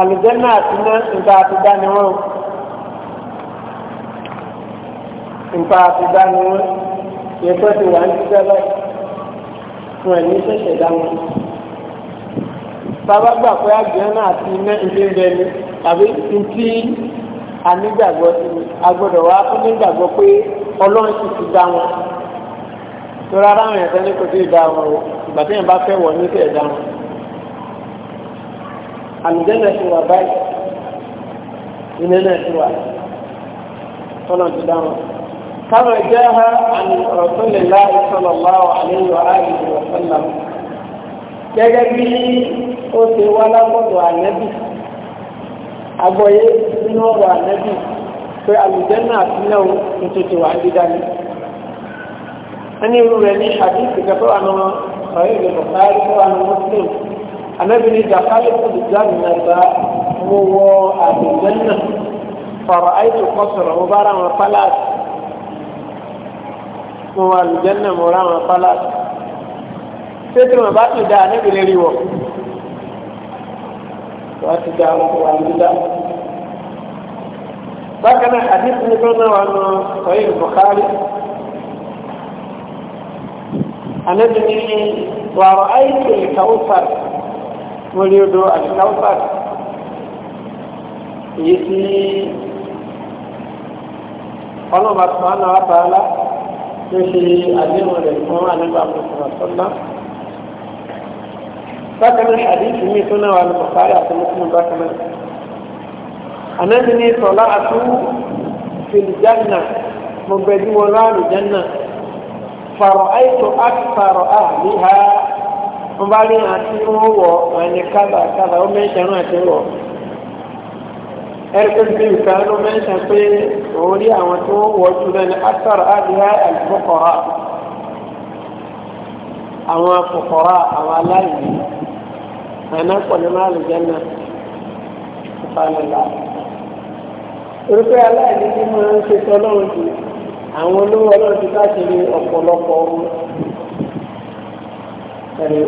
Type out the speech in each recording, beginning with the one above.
àlùjẹ́nà àti ná nǹkan àtidá ni wọ́n nǹkan àtidá ni wọ́n yẹ kó ti wà ní sẹ́lẹ̀ fún ẹ̀mí ṣẹ̀ṣẹ̀ dá wọn. bàbá gbà pé àlùjẹ́nà àti iná ìdí ń bẹ ni tàbí ntí anígbàgbọ́ sí ni agbọ́dọ̀ wá fún nígbàgbọ́ pé ọlọ́run sì ti dá wọn. tó rárá àwọn ẹ̀sẹ̀ ní kò tí ì dá wọn o ìgbà tí yẹn bá fẹ́ wọ̀ ní kẹ̀ dá wọn àlùjẹ́nà ti wà báyìí iná náà ti wà tọ́nà ti dáhùn. كما جاء عن رسول الله صلى الله عليه وآله وسلم gẹ́gẹ́ bí ó ṣe wá lápọ̀dọ̀ ànẹ́bì agbọ́yé nínú ọ̀rọ̀ ànẹ́bì pé àlùjẹ́nà àtúnlẹ̀ tuntun ti wà ń dídá ní ẹni irú rẹ̀ ní àdíṣì kẹfẹ́ wà náà ọ̀rẹ́ ìlú bọ̀kárí fẹ́ wà ní muslim anábìrin ìdàkálẹ̀ fún ìjáde mẹ́ta mo wọ àbẹ̀jẹ́ náà fọ̀rọ̀ àìsàn kọ́sọ̀rọ̀ mo bá ra àwọn pálásì mo wà lùjẹ́ náà mo ra àwọn pálásì ṣé tí wọn bá ti dá anábìrin rí wọ wọ́n ti dá àwọn ọmọ àdúgbò Bukhari anábìrin wàrọ̀ àìsàn ìkàwé fàrẹ̀ wọ́n rí odò àdìkáwùsàt èyí tí ọlọ́mà tó hàn náà bàálà tó ṣe àdéhùn rẹ̀ fún àdébà mùsùlùmá sọ́lá. bákan náà àdéhùn mi tó náà wà ní bàbáyé àti mùsùlùmá bákan náà. ànábi ní sọ̀lá àtú fìlìjánà mo gbẹ̀dí wọn láàrú fàrọ̀ àìsàn àti fàrọ̀ àhàlíhà wọ́n bá rí wọn tí wọ́n wọ̀ wọn ní kábà kábà ó mẹ́ṣẹ̀ náà ti wọ̀ airbnb kan ló mẹ́ṣẹ̀ pé òun rí àwọn tí wọ́n wọ̀ jù lẹ́nu asar adìyẹ alifokora àwọn afokora àwọn aláìní àná pọ̀lú máa lè jẹ́ náà ìfàlẹ́lá orúkọ aláìní tí wọ́n ń ṣe tọ́lọ́run jù àwọn olówó ọlọ́run ti bá ṣe ní ọ̀pọ̀lọpọ̀ ọ̀hún ẹ̀rí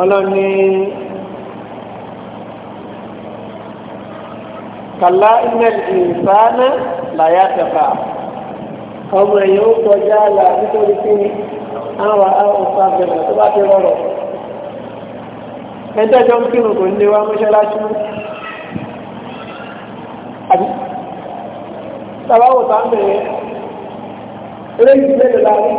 ọlọ́ni kàlá ilẹ̀ ìsáná làyà tẹ̀fà ọmọ ẹ̀yìn ó kọjá là nítorí pé àwọn àwọn sábẹ̀rẹ̀ tó bá ti rọrọ̀ ẹjọ́jọ́ ń kírun kò ní wá mọ́ṣáláṣí àbí tàbáwò tá ń bẹ̀rẹ̀ eré ìgbẹ́lẹ̀ láàrín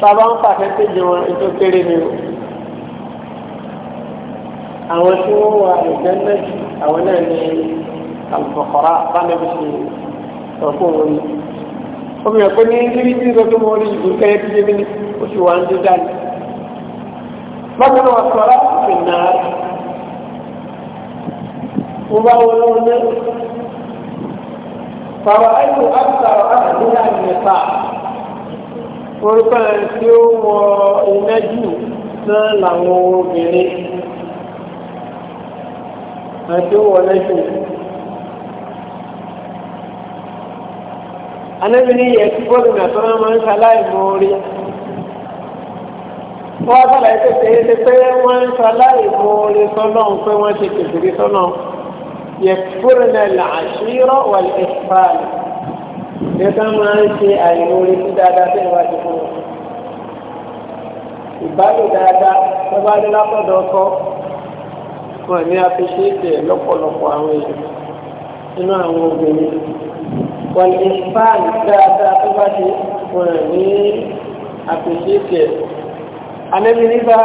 sábà ń pàṣẹ́tẹ̀jì wọn ètò kéré ni o àwọn tí wọ́n wà ìjẹ́ńdẹ́ jù àwọn náà ní àlùfọ̀kọ́rá bánẹ́bí ṣe ọ̀pọ̀ wọn ni omi ọ̀pẹ́ ní níbi tí ìrọ̀ tó mọ orí ìlú kẹ́yẹ́ tí jẹ́mi ní oṣù wa ń dé dání bákan náà sọ̀rọ̀ ìnà mo bá wọn lọ́wọ́ náà bàbá ẹ̀kọ́ àbúkà àbúkà nìyẹn sáà orúkọ yẹn tí ó wọ iná jù náà làwọn obìnrin àti ó wọ lẹ́jù. Ànábì ní yẹ kí bọ́ọ̀lù nàtọ́nà máa ń ṣaláì mọ orí. Wọ́n bàlá ẹsẹ̀ tẹ̀yẹ́ ṣe pé wọ́n ń ṣaláì mọ orí sọ́nà pé wọ́n ṣe kìkìrì sọ́nà. Yẹ kúrò náà làṣírọ̀ wà lẹ́fàálì ìjọba máa ń ṣe àìmọ̀re fún dáadáa tẹ́lẹ̀ wá ti fún wọn. ìbálò dáadáa tó bá dé látọ̀dọ̀ ọkọ wọn ní àfiṣètè lọ́pọ̀lọpọ̀ àwọn èèyàn nínú àwọn obìnrin wọn ní fáàlì dáadáa tó bá dé wọn ní àfiṣètè. àlẹ́bí nígbà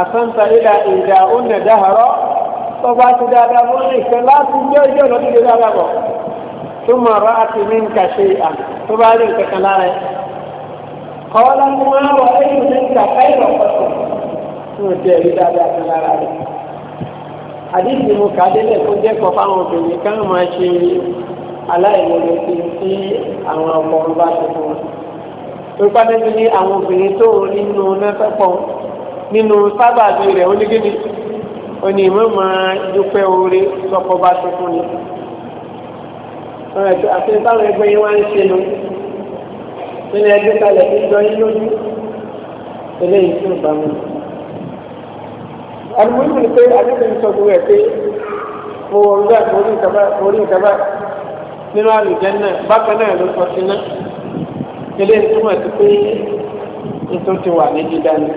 àtúntà ìlà ìdá ó nà dáhàrọ́ tó bá ti dáadáa mọ́ ìfẹ́ láti jẹ́ ìjọ́ ìlọ́dún lè dáadáa bọ̀. ثم رأت منك شيئا تبالغ كلامه قال ما رأيت منك خير قسم نتيجة هذا كلامه حديث مكادلة كنت فاهم في كان ماشي aláìmọ̀lẹ́sí sí àwọn ọmọ ọba tuntun wọn. Ìpàdé mi ní àwọn obìnrin tó nínú nẹ́fẹ̀pọ̀ nínú sábàbí rẹ̀ onígídí. Oní ìmọ̀ máa dúpẹ́ oore sọ́kọ́ bá tuntun ni ọ̀rọ̀ tó àti báwọn ẹgbẹ́ yín wá ń ṣe nu nínú ẹgbẹ́ kalẹ̀ tó jọ yín lójú eléyìí tó bá mi. àdúgbò ní pé adébẹ̀ ń sọ fún rẹ̀ pé mo wọ ọ̀gá orí ìkàbá orí ìkàbá nínú àlùjẹ́ náà bákan náà ló sọ sí náà eléyìí túmọ̀ sí pé nítorí ti wà ní dídá ni.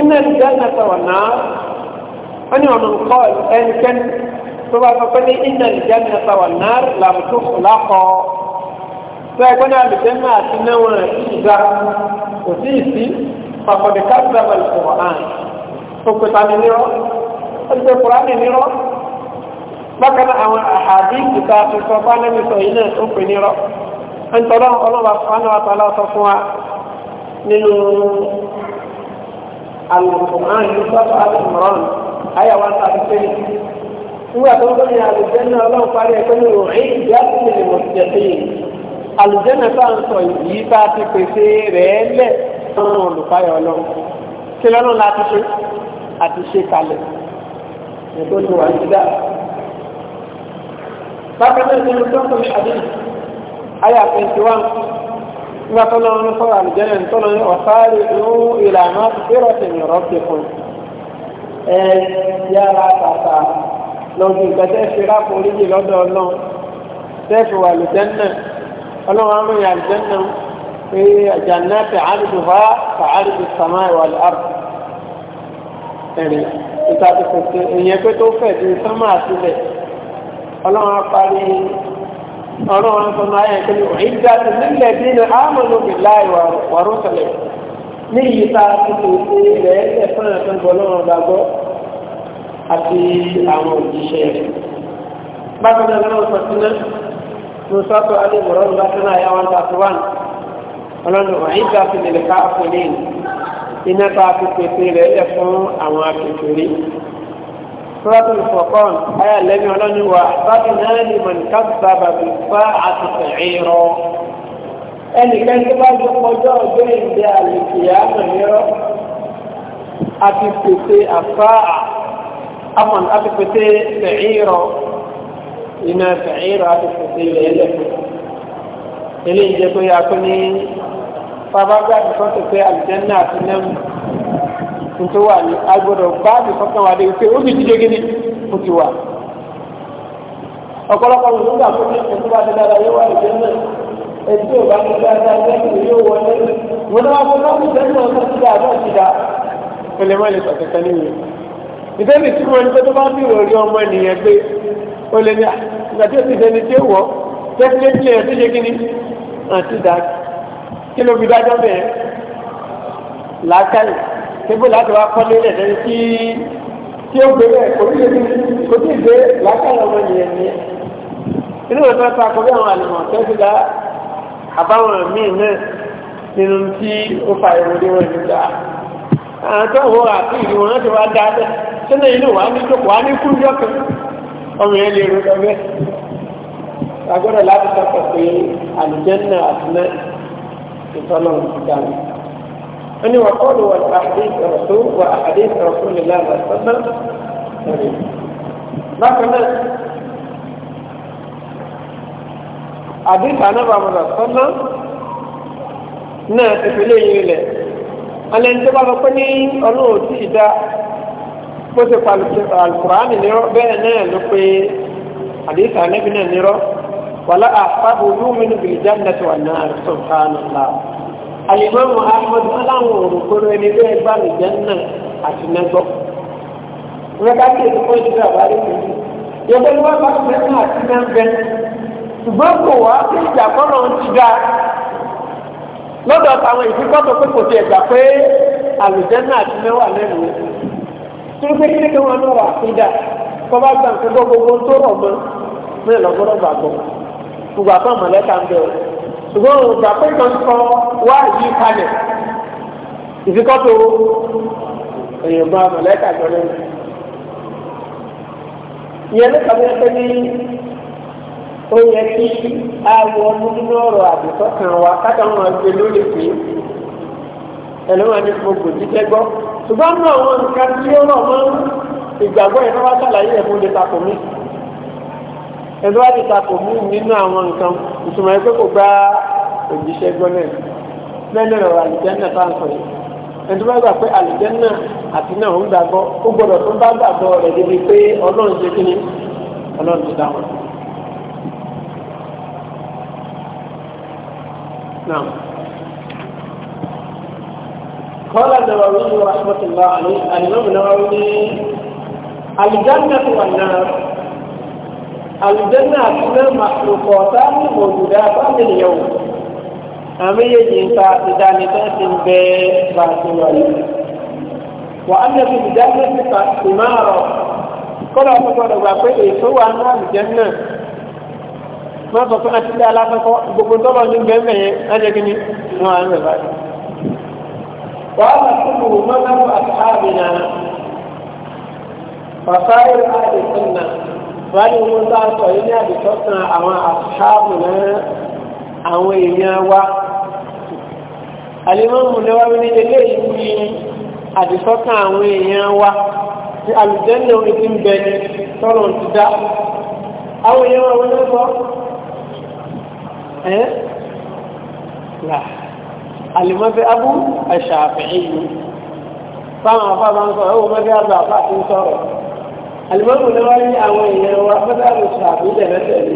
إن الجنة والنار أنا ومن قال أن كان فبعد فقال إن الجنة والنار لا تخلق فأقول على الجنة أتنوى إذا وزيسي فقد كذب القرآن فقط أنا نيرو أنت القرآن نيرو لكن أول أحاديث كتاب القرآن لم أنا سوف نيرو أنت الله الله سبحانه وتعالى تصوى من القرآن يصف على عمران àyà wa ta fi pé nígbà tó ń bọ́ ní àlùjẹ́nà ọlọ́run parí ẹ̀ pẹ́lú òrìn ìyá tó lè mọ̀ sí ẹ̀sẹ̀ àlùjẹ́nà tá à ń sọ yìí tá a ti pèsè rẹ̀ lẹ̀ fún olùpáyọ̀ ọlọ́run kí lọ́nà láti ṣe àti ṣe kalẹ̀ ẹ̀tọ́ ni wà ní dáa. Bákan náà nínú tọ́kùn àdín, ayà 21, nígbà tọ́lọ́run fọ́ra àlùjẹ́nà tọ́lọ́run ọ̀sáàrí ìlú ìlànà fẹ́rọ̀tẹ̀ ẹ yára tàtà lọ́dún ìgbẹ́tẹ́ fi rápò oríjì lọ́dọ̀ ọlọ́run tẹ́ẹ̀fù wà lùtẹ́nà ọlọ́run àrùn yà lùtẹ́nà pé àjànà tàárìdù ha tàárìdù sàmà ìwà lùhàrù ẹ̀rìn ìtàkì pèsè ìyẹn pé tó fẹ̀ ju sánmà àtìlẹ̀ ọlọ́run apárí ọlọ́run sọ̀nà ayẹ̀kẹ́lẹ̀ òhìn nílẹ̀ bí i àmọ́ lóbi láì wà rúṣọ̀lẹ̀ ní iye tá a ti lè ṣe rẹ̀ ẹ̀ fún ẹ̀fẹ́ gbọ́lọ́rọ̀ gbàgbọ́ àti àwọn òjíṣẹ́ rẹ̀. bákan náà lọ́wọ́ sọ síná ló sọ́tọ̀ adébọ̀rọ̀ ló bá síná àyà wọn tàbí wà ọlọ́nà àyíká fi lè ká àpèlé iná tá a ti pèsè rẹ̀ ẹ̀ fún àwọn akékeré. sọ́tọ̀ ìfọ̀kàn ayà lẹ́mí ọlọ́ni wa sábì náà ni mọ̀nìkà sábà bí fá àtìsẹ̀ ẹnìkan tó bá jọ pọjọ́ ọjọ́ ìdí àlèkè àmọ̀nìyàn àti pèsè àfáà àmọ̀n àti pèsè fẹ̀yìnrọ̀ iná fẹ̀yìnrọ̀ àti pèsè ilẹ̀ ẹlẹ́fẹ̀. ilé ìjẹ́ tó yà kó ní tó ọ̀pọ̀lọpọ̀ ẹtí ò bá nígbà tá a lẹ́yìn yóò wọlé wọn náà wọn náà ti sẹ́yìn ọ̀sán ti dà àbọ̀ ti dà ó lè má lè sọ̀tẹ̀ kan níwèé ìdẹ́nì tí wọ́n ní pé tó bá bí ìròrí ọmọ ènìyàn gbé ó lè ní ìgbà tí ó ti dẹni tí ó wọ̀ tẹ́tílẹ́tì ẹ̀ tó ṣe kí ni àti dà kí ló fi dájọ́ bẹ́ẹ̀ làákàyè tébù láti wá kọ́lé rẹ̀ lẹ́yìn tí tí ó gbé bẹ́ẹ̀ kò tí ì gbé làákàyè ọmọ ènìyàn nìyẹn inú ìwé tó ń ta àkọ́bí àwọn àlùmọ̀ tẹ́sí dáa àbáwọn míì náà nínú tí ó fa ìwòdí wọn ìlú dáa àwọn tó wọ àti ìlú wọn ti wá dáadáa sínú ìlú wa ní jókòó wá ní kúndọ́ kan ọmọ yẹn lè ro lọ́wọ́ agbọ́dọ̀ láti sọ̀kọ̀ pé àlùjẹ́nà àtúná ìtọ́nà ìdáná wọ́n ní wọ́n kọ́ọ̀lù wọn àdé ìtọ̀rọ̀ àdé ìtọ̀rọ̀ lè lára sọ́nà àdìsá náà bá mọ̀tà sọ́nà náà ti fi léyìn rẹ̀ alẹ́ ní tó bá lọ pé ní ọlọ́run ò tíì dá bó ṣe pa alukur'an nírọ́ bẹ́ẹ̀ náà ló pé àdìsá anábì náà nírọ́ wàlá àfáàbò lómìnú bìlìjà náà ti wà náà subhanallah alimami ahmed aláwọn òrùkọrọ ẹni bẹ́ẹ̀ gbà lìjà náà àti nẹgbọ wọn bá tẹ̀lé fún ìdílé àbárí yẹn bẹ́ẹ̀ ni bá tẹ̀lé fún àti nẹgbẹ́ ṣùgbọ́n kò wá sí ìjà kọ́nà ti ga lọ́dọ̀ pé kò pé mẹ́wàá lẹ́nu tí kí náà wà sí dà kọ́ bá gbà gbogbo tó rọ̀ mọ́ mẹ́rin lọ́gbọ́dọ̀ gbàgbọ́ gbogbo àpá mọ̀lẹ́ta ń bẹ̀rẹ̀ ṣùgbọ́n ògbà pé kan sọ wá yí kalẹ̀ èèyàn mọ̀lẹ́ta jọ lẹ́nu ìyẹn ní ó yẹ kí awọ nínú ọ̀rọ̀ àdìsọ́ kan wá káta wọn gbé lórí pé ẹlẹ́wọ̀n ní gbogbo jíjẹ́ gbọ́ ṣùgbọ́n náà wọn nǹkan tí ó rọ̀ mọ́ ìgbàgbọ́ ẹ̀ lọ́wọ́ sàlàyé ẹ̀ fún ìdẹ́takò mi ẹ̀ lọ́wọ́ ìdẹ́takò mi nínú àwọn nǹkan ìtumọ̀ ẹ̀ pé kò gba òjíṣẹ́ gbọ́ náà lẹ́nu ọ̀rọ̀ àlùjẹ́nà tá à ń sọ yìí ẹni tó bá gbà pé àlùjẹ́nà àti náà ń gbàgbọ́ ó gbọ́dọ̀ tó bá gbàgbọ́ rẹ̀ débi pé ọlọ́run ṣe kí ni ọlọ́run ti dá wọn. نعم قال النووي رحمة الله عليه الإمام النووي الجنة والنار الجنة هنا مخلوقاتان موجوداتان اليوم أمي جنسا تجانتا بي باسم وأن في الجنة ثمارا قال أبو بكر وقال إيه هو أنا الجنة wọ́n sọ pé àti ilé aláfẹ́kọ́ gbogbo tọ́lọ̀ ní bẹ́ẹ̀ na ẹ̀jẹ̀ kí ni wọ́n á ń bẹ̀ báyìí. wàá bá tó na mọ́nàmú àti ààbìnà wàsáyé àdìsán na wàá ní wọn àwọn na àwọn èèyàn wa. ni àwọn èèyàn wa ti ti àwọn èèyàn wa ẹ́ là àlùmọ́fẹ́ abú àṣàfẹ́ yìí fáwọn afá máa ń sọ ẹ̀wọ̀n mọ́fẹ́ abú àfá ti ń sọ̀rọ̀ àlùmọ́fẹ́ ni wọ́n ní àwọn èèyàn wa mọ́fẹ́ abú ṣàfẹ́ yìí lẹ́sẹ̀ ni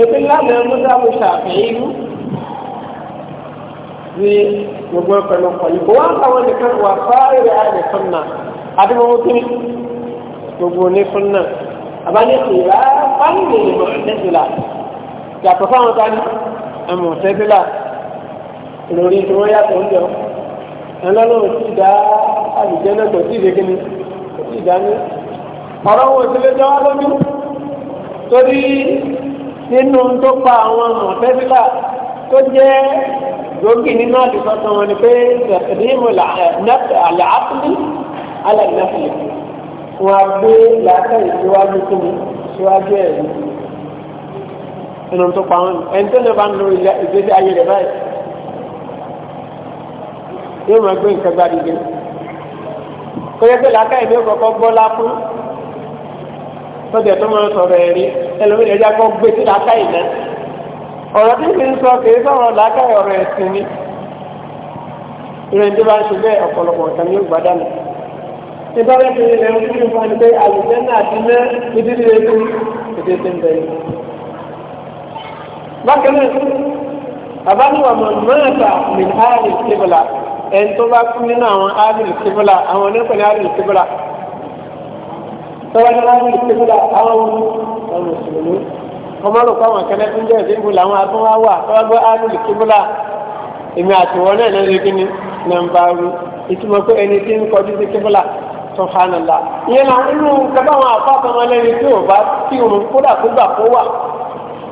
èpè lánàá mọ́fẹ́ abú ṣàfẹ́ yìí ní gbogbo ọ̀pẹ̀lú àmọ̀ tẹ́tílà lórí tí wọ́n yàtọ̀ ń jọ ẹlọ́lọ́run sì dá àlùjẹ́ náà kò sí ìdè kíni kò sí ìdáná ọ̀rọ̀ wo ti lè jọ wá lójú torí nínú tó pa àwọn àmọ̀ tẹ́tílà tó jẹ́ gbòógì nínú àdìsọ́tàn wọn ni pé tẹ̀sídìmù àlàáfíì alàìnáfíì wọn á gbé làákàyè síwájú kíni síwájú ẹ̀rí inú tó pa wọn ẹni tó lè bá ń lo ìgbésí ayé rẹ̀ báyìí yóò máa gbé nǹkan gbá dìde kó yẹ pé làákà ìdí kọ̀ọ̀kan gbọ́ lápú tọ́jà tó máa sọ̀rọ̀ ẹ̀rí ẹlòmíì lè jágbọ́ gbé sí làákà ìná ọ̀rọ̀ tí kì í sọ kì í sọ̀rọ̀ làákà ọ̀rọ̀ ẹ̀sìn ni ìrìn tó bá ń ṣe bẹ́ẹ̀ ọ̀pọ̀lọpọ̀ nǹkan yóò gbá dànù nítorí pé ilẹ̀ ń fún ìfọ̀n pé àlùfẹ́ náà ti ná ìdílé ètò ìdílé ń bẹ̀rẹ̀ bákan náà àbáníwà mọ̀nmọ́ta min áàlì kébìlà ẹni tó bá kú nínú àwọn áàlì kébìlà àwọn onípẹ̀lú áàlì kébìlà tọ́wọ́ ní áàlì kébìlà àwọn mùsùlùmí ọmọ rò pé àwọn akẹ́lẹ́ tó ń jẹ́ ìdíbò làwọn atúnwá wà tọ́wọ́ gbé áàlì kébìlà èmi àtiwọ́ náà lẹ́nu kíní nàmbá ru ìtumọ̀ pé ẹni tí ń kọjú sí kébìlà subhanallah ìyẹn náà inú kẹfà àwọn àpá àtọmọlẹ́ni tí ò bá tí òun kódà kó gbà kó wà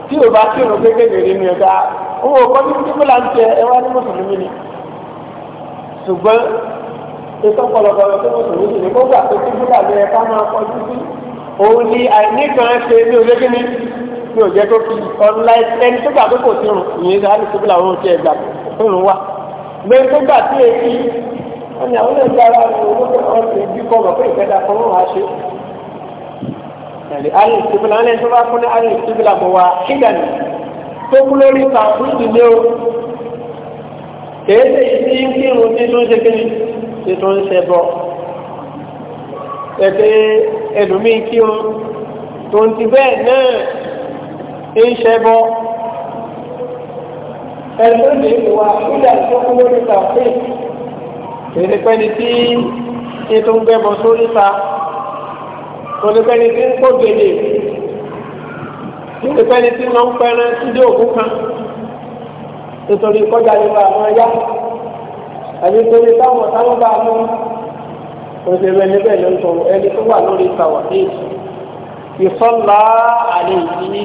tí o bá kírun kékeré nínú ẹ̀dá owó kọ́bí kíkọ́ là ń tẹ ẹwà ní mùsùlùmí ni ṣùgbọ́n ètò pọ̀lọpọ̀lọ tó mùsùlùmí ni kó gbà tó kíkọ́ là bẹ̀rẹ̀ ká máa kọjú sí òun ni àìní kan ṣe ní ojú kíní ní òjẹ́ tó fi ọ̀nlá ẹni tó gbà tó kò sí rùn ìyẹn ní àlùkò kíkọ́ làwọn ti ẹ̀gbà tó rùn wá lórí tó gbà tí èyí wọn àwọn ẹ̀gbà ara ẹ̀rí alìsíbìlà ńlẹ̀ tó bá fún ní alìsíbìlà bọ̀ wá kídàní tó kú lórí kàkú ìdílé o kèése ìdí kírun tí tó ń ṣe kiri tí tó ń ṣe bọ̀ ẹ̀fẹ́ ẹlòmíì kírun tó ń ti bẹ́ẹ̀ náà ń ṣe bọ̀ ẹ̀rọ lè wà kídàní tó kú lórí kàkú ìdílé pẹ́ni tí ètò ń gbẹ́bọ̀ sórí ta onífẹ́ni tí ń kó gèdè onífẹ́ni tí wọ́n ń pẹ́rẹ́ sídé òkú kan nítorí kọjá nípa àwọn ẹ̀yà àbí torí táwọn táwọn bá mú òṣèlú ẹni bẹ́ẹ̀ ló ń sọ ẹni tó wà lórí ìtàwọ̀ èyí ìsọ́lá àlè yìí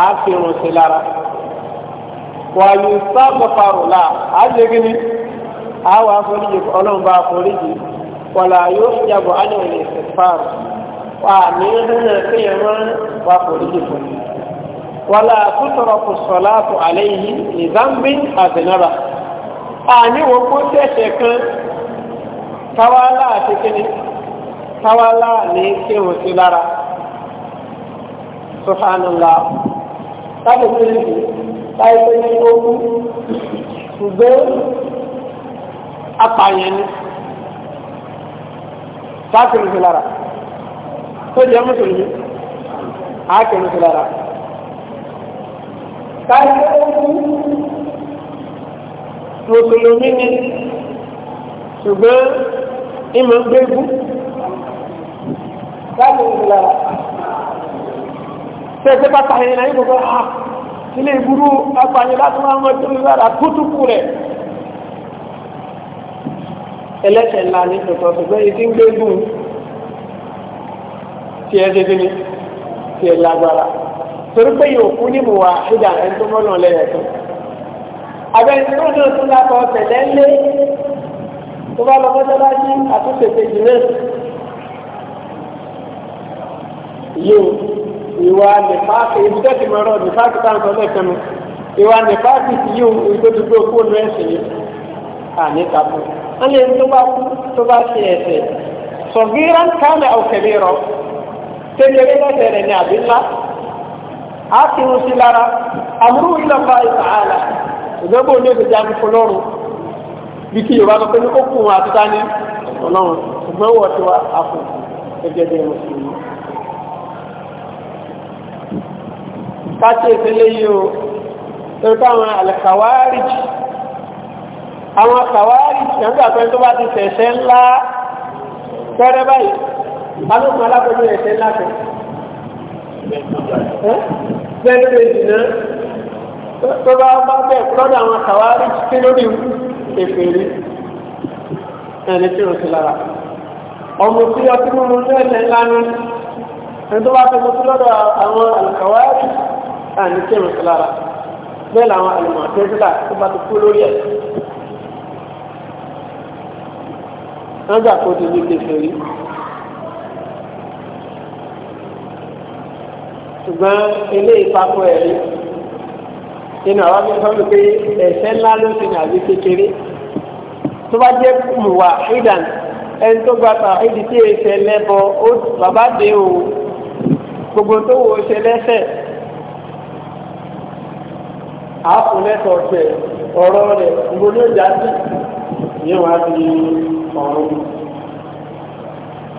àáfihàn sí lára wàyí sábàfàrùlà àjẹgìní àwọn àforíjì ọlọ́run bá àforíjì wàlà yóò yàgò ánìwòlè ìfẹ́fàrù àmì ìrìnà kéèyàn máa wà foríjì fún mi. wàlá àtúntọ̀rọ̀ kò sọ̀lá àtò àlẹ́ yìí ní zambi àzìnára. àní wo kó tẹ̀sẹ̀ kan táwálà àti kíni táwálà ní kéwòn sí lára. subhanallah láti fi rí láì pé ní ogún ṣùgbọ́n apààyàn ni. sáà kìlọ̀ lára tó jẹ́ mùsùlùmí á kẹ̀lú sí lára káyọ̀ ogun mùsùlùmí ni ṣùgbọ́n ìmọ̀ gbégú káyọ̀ sí lára ṣe é pé pátá yẹn náà yóò gbọ́ ha ilé ìbúrú apààyàn láti máa mọ ìtòlú lára kútùkù rẹ̀ ẹlẹ́sẹ̀ ńlá ní tòótọ́ ṣùgbọ́n èyí tí ń gbégú tí ẹ dédé ní tí ẹ lágbára torí pé yóò kú ní mùwà ìdá ẹni tó mọ́nà lẹ́yìn tó abẹ́ni tó náà tó lápá ọ̀sẹ̀ lẹ́lé tó bá lọ mọ́sálásí àtúnṣe kejì náà yóò ìwà nípaàkì ibi tó ti mọ̀rọ̀ nípaàkì táwọn sọ lẹ́ẹ̀kan nù ìwà nípaàkì ti yóò ìgbó ti gbó kó lu ẹ̀sìn yìí àní kàkó wọ́n lè tó bá kú tó bá ṣe ẹ̀sẹ̀ sọ̀gíràn kánà ọ̀kẹ́lẹ́ rọ̀ kékeré lẹ́sẹ̀ rẹ̀ ní àbí ńlá á ti ń sí lára àmúrú ìlọ́pàá ìfàhálà ìgbẹ́bò ní òṣèjà ń fún lọ́rùn bí kí yorùbá lọ pé ní kókù wọn àti tání ọlọ́run ṣùgbọ́n wọ́n ti wá àfọ̀ gẹ́gẹ́ bí mùsùlùmí. káṣí ìpínlẹ̀ yìí o torí káwọn àlẹ́kàwárìjì àwọn kàwárìjì nígbà pé bá ti tẹ̀sẹ̀ ńlá pẹ́rẹ́ báyìí balógun alábẹ́jọ́ ẹ̀sẹ̀ ńlá kan. bẹ́ẹ̀ ló lè dìnnà tó bá bá bẹ́ẹ̀ lọ́dọ̀ àwọn kàwárí tí lórí èfèrè ẹni tí o ti lára. ọmọ tí a ti múmu ní ẹ̀sẹ̀ ńlá ni ẹni tó bá fẹ́ mọ́tò lọ́dọ̀ àwọn àlùkàwárí ẹni tí o ti lára. bẹ́ẹ̀ làwọn àlùmọ̀ àtẹ́sílà tó bá ti kú lórí ẹ̀. wọ́n gbà kó ti di kékeré. ṣùgbọ́n ilé ìpapò ẹ̀rí nínú àwọn akẹ́kọ̀ọ́ mi pé ẹ̀ṣẹ̀ ńlá ló ti nà bí kékeré tó bá jẹ́ mùwà ìdàn ẹni tó gba ta ìdí tí lẹ́bọ ó bàbá dé o gbogbo tó wo ṣe lẹ́sẹ̀ àápò ọ̀sẹ̀ ọ̀rọ̀ rẹ̀ gbogbo ní sí ìyẹn wàá di ọ̀rọ̀ mi.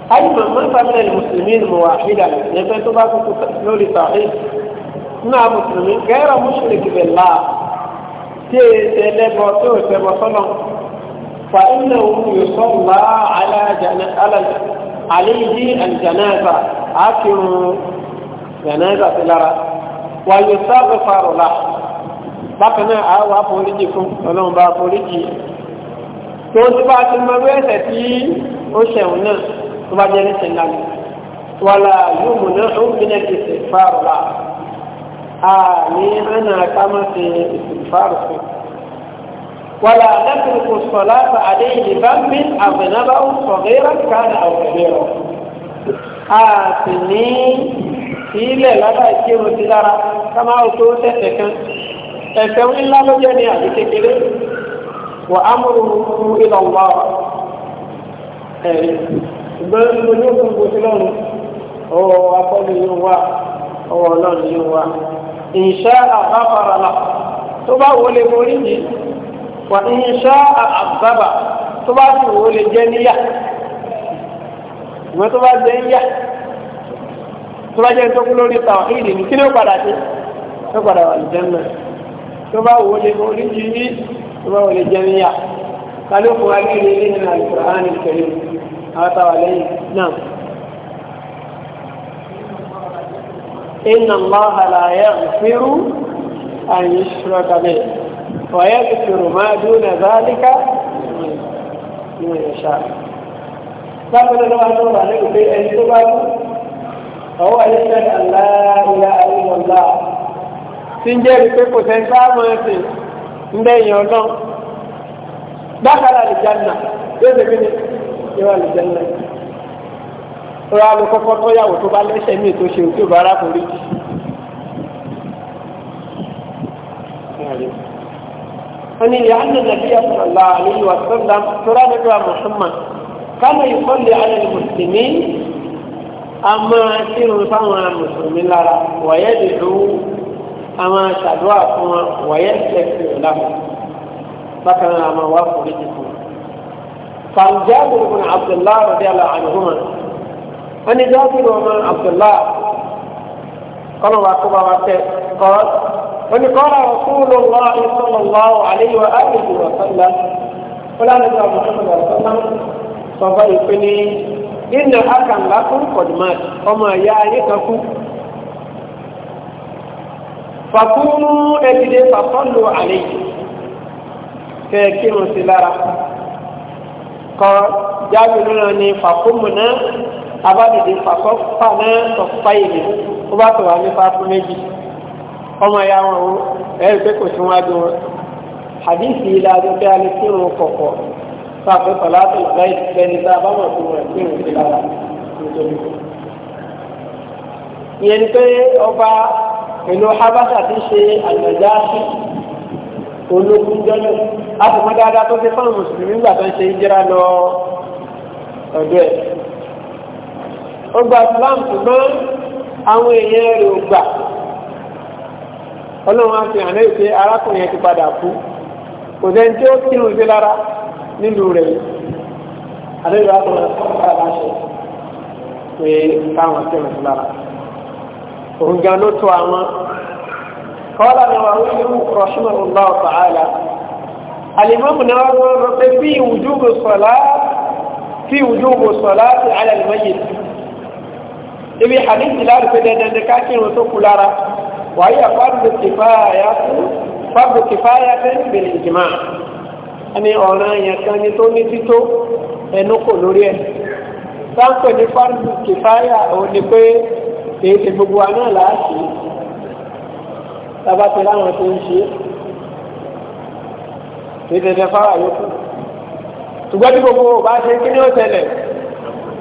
ayi màmá fàmílẹ̀ mùsùlùmí mù wàhídà ẹgbẹ́ tó bá kúkú lórí sàhí nínú àwọn mùsùlùmí gẹ́rọ mùsùlùmí bẹ̀lá tí èyí ṣe lẹ́bọ̀ tó o ṣẹbọ sọ́nà fa iná òun yóò sọ wá àlejì àjànáàbà àkìrún jànáàbà sí lára wà yóò sábẹ̀ farò lá bákan náà àwọn àforíjì fún ọlọ́run bá àforíjì tó ń tí bá ti mọ bí ẹsẹ̀ tí ó ṣẹ̀wọ̀n náà tó bá jẹ́ ẹlẹ́sẹ̀ náà ni wàlá yóò mú náà ó ń bínú ẹ̀sẹ̀ fáàrù la àmì ẹ̀nà àkámọ́ ti ẹ̀sẹ̀ fáàrù fún wàlá lẹ́sìn kò sọ láti àdé ìdìbá ń bí àbẹ̀nábà ń sọ rírà káàdà àwòrán rẹ̀ a sì ní ilẹ̀ lábàá ìkírun ti dára ká máa ń tó tẹ̀sẹ̀ kan ẹ̀sẹ̀ ńlá ló jẹ́ ní àti kékeré wà á múru ìlọ̀ wà ẹ̀rí ṣùgbọ́n ojú òkú gbòsí lọ́rùn ọwọ́ akọ́ni yóò wá ọwọ́ ọlọ́run yóò wá. ìṣe àbáfarala tó bá wọlé borí yìí wà ìṣe àbábà tó bá sì wọlé jẹ́ níyà ìwé tó bá jẹ́ níyà tó bá jẹ́ tó kú lórí tàwọn ìdí ní kí ló padà dé ló padà wà lè jẹ́ tó bá wọlé borí yìí tó bá wọlé jẹ́ níyà kálífù alẹ́ ilé nínú Al-Qur'an Al-Karim. هذا عليه نعم إن الله لا يغفر أن يشرك به ويغفر ما دون ذلك من يشاء. لكن أنا عليه في أي سبب هو يشهد أن لا إله إلا الله. سنجري بكو سنسامة ndé yọ̀ọ́ náà bákàrà àlìjáná yóò yóò wà lójú ẹ̀nà rárá ló kọ́kọ́ tọ́yàwó tó bá lẹ́sẹ̀ míì tó ṣe òkè òbá arákùnrin jì. wọ́n ní ìyá ànà nàbí àtàlà àlejò àtúndà wa Muhammad kánà ìkọ́lé alẹ́ mùsùlùmí a máa kírun fáwọn mùsùlùmí lára wọ̀nyẹ́ dìdú a máa ṣàdúrà fún wọn wọ̀nyẹ́ tẹ̀sí ọ̀la bákan náà a máa wá forí jì fún wọn. قال جابر بن عبد الله رضي الله عنهما أن جابر بن عبد الله قال الله قال قال رسول الله صلى الله عليه وآله وسلم ولا نبي محمد صلى الله عليه وسلم فضيفني إن أكن لكم قد مات وما يعيككم فكونوا أجل فصلوا عليه فكيروا سلارة kan jáde nínú ni fàkómù náà abádìdì fàkọ́fà náà tọ̀fà ìlú ó bá tọ̀wá ní fáfú méjì ọmọ ìyá wọn o ẹ̀rí pé kò síwájú wọn àdìsí ilé adé pé a lè kírun kọ̀kọ̀ fún àpẹẹkọ̀ láti ìgbà ìsìlẹ́ni tá a bá mọ̀ fún wọn kírun sí lára nítorí. ìyẹn ni pé ọba pẹ̀lú habasa ti se àgbẹ̀dá sí ológun jọ́lẹ̀ àtùmọ́ dáadáa tó ṣe fáwọn mùsùlùmí gbà tó ń ṣe ìjẹ́ra lọ ọ̀dọ̀ ẹ̀ ó gba islam àwọn èèyàn ò gbà ọlọ́run á fi hàn arákùnrin ti padà kú kò sẹ́ni tí ó kírun sí lára nílùú rẹ̀ àlejò àkùnrin ọ̀pá aláṣẹ pé káwọn ṣẹlẹ̀ sí lára òun tó àwọn قال النووي رحمه الله تعالى الإمام النووي في وجوب الصلاة في وجوب الصلاة على الميت ibi hadithi láti pé dandan ni ká kírun tó kú lára wàyí àfáàdù kìfáyà fáàdù kìfáyà fẹ́ bèrè ìjìmá ẹni ọ̀ràn èèyàn kan ni tó ní tító ẹnu kò lórí ẹ̀ sáńpẹ̀ ní fáàdù kìfáyà òun ni pé èyí ti gbogbo wa náà láti tábà ti láwọn tó ń ṣe é tètè fáwà yókù ṣùgbọ́n tí gbogbo ò bá ṣe kí ni ó tẹ̀lẹ̀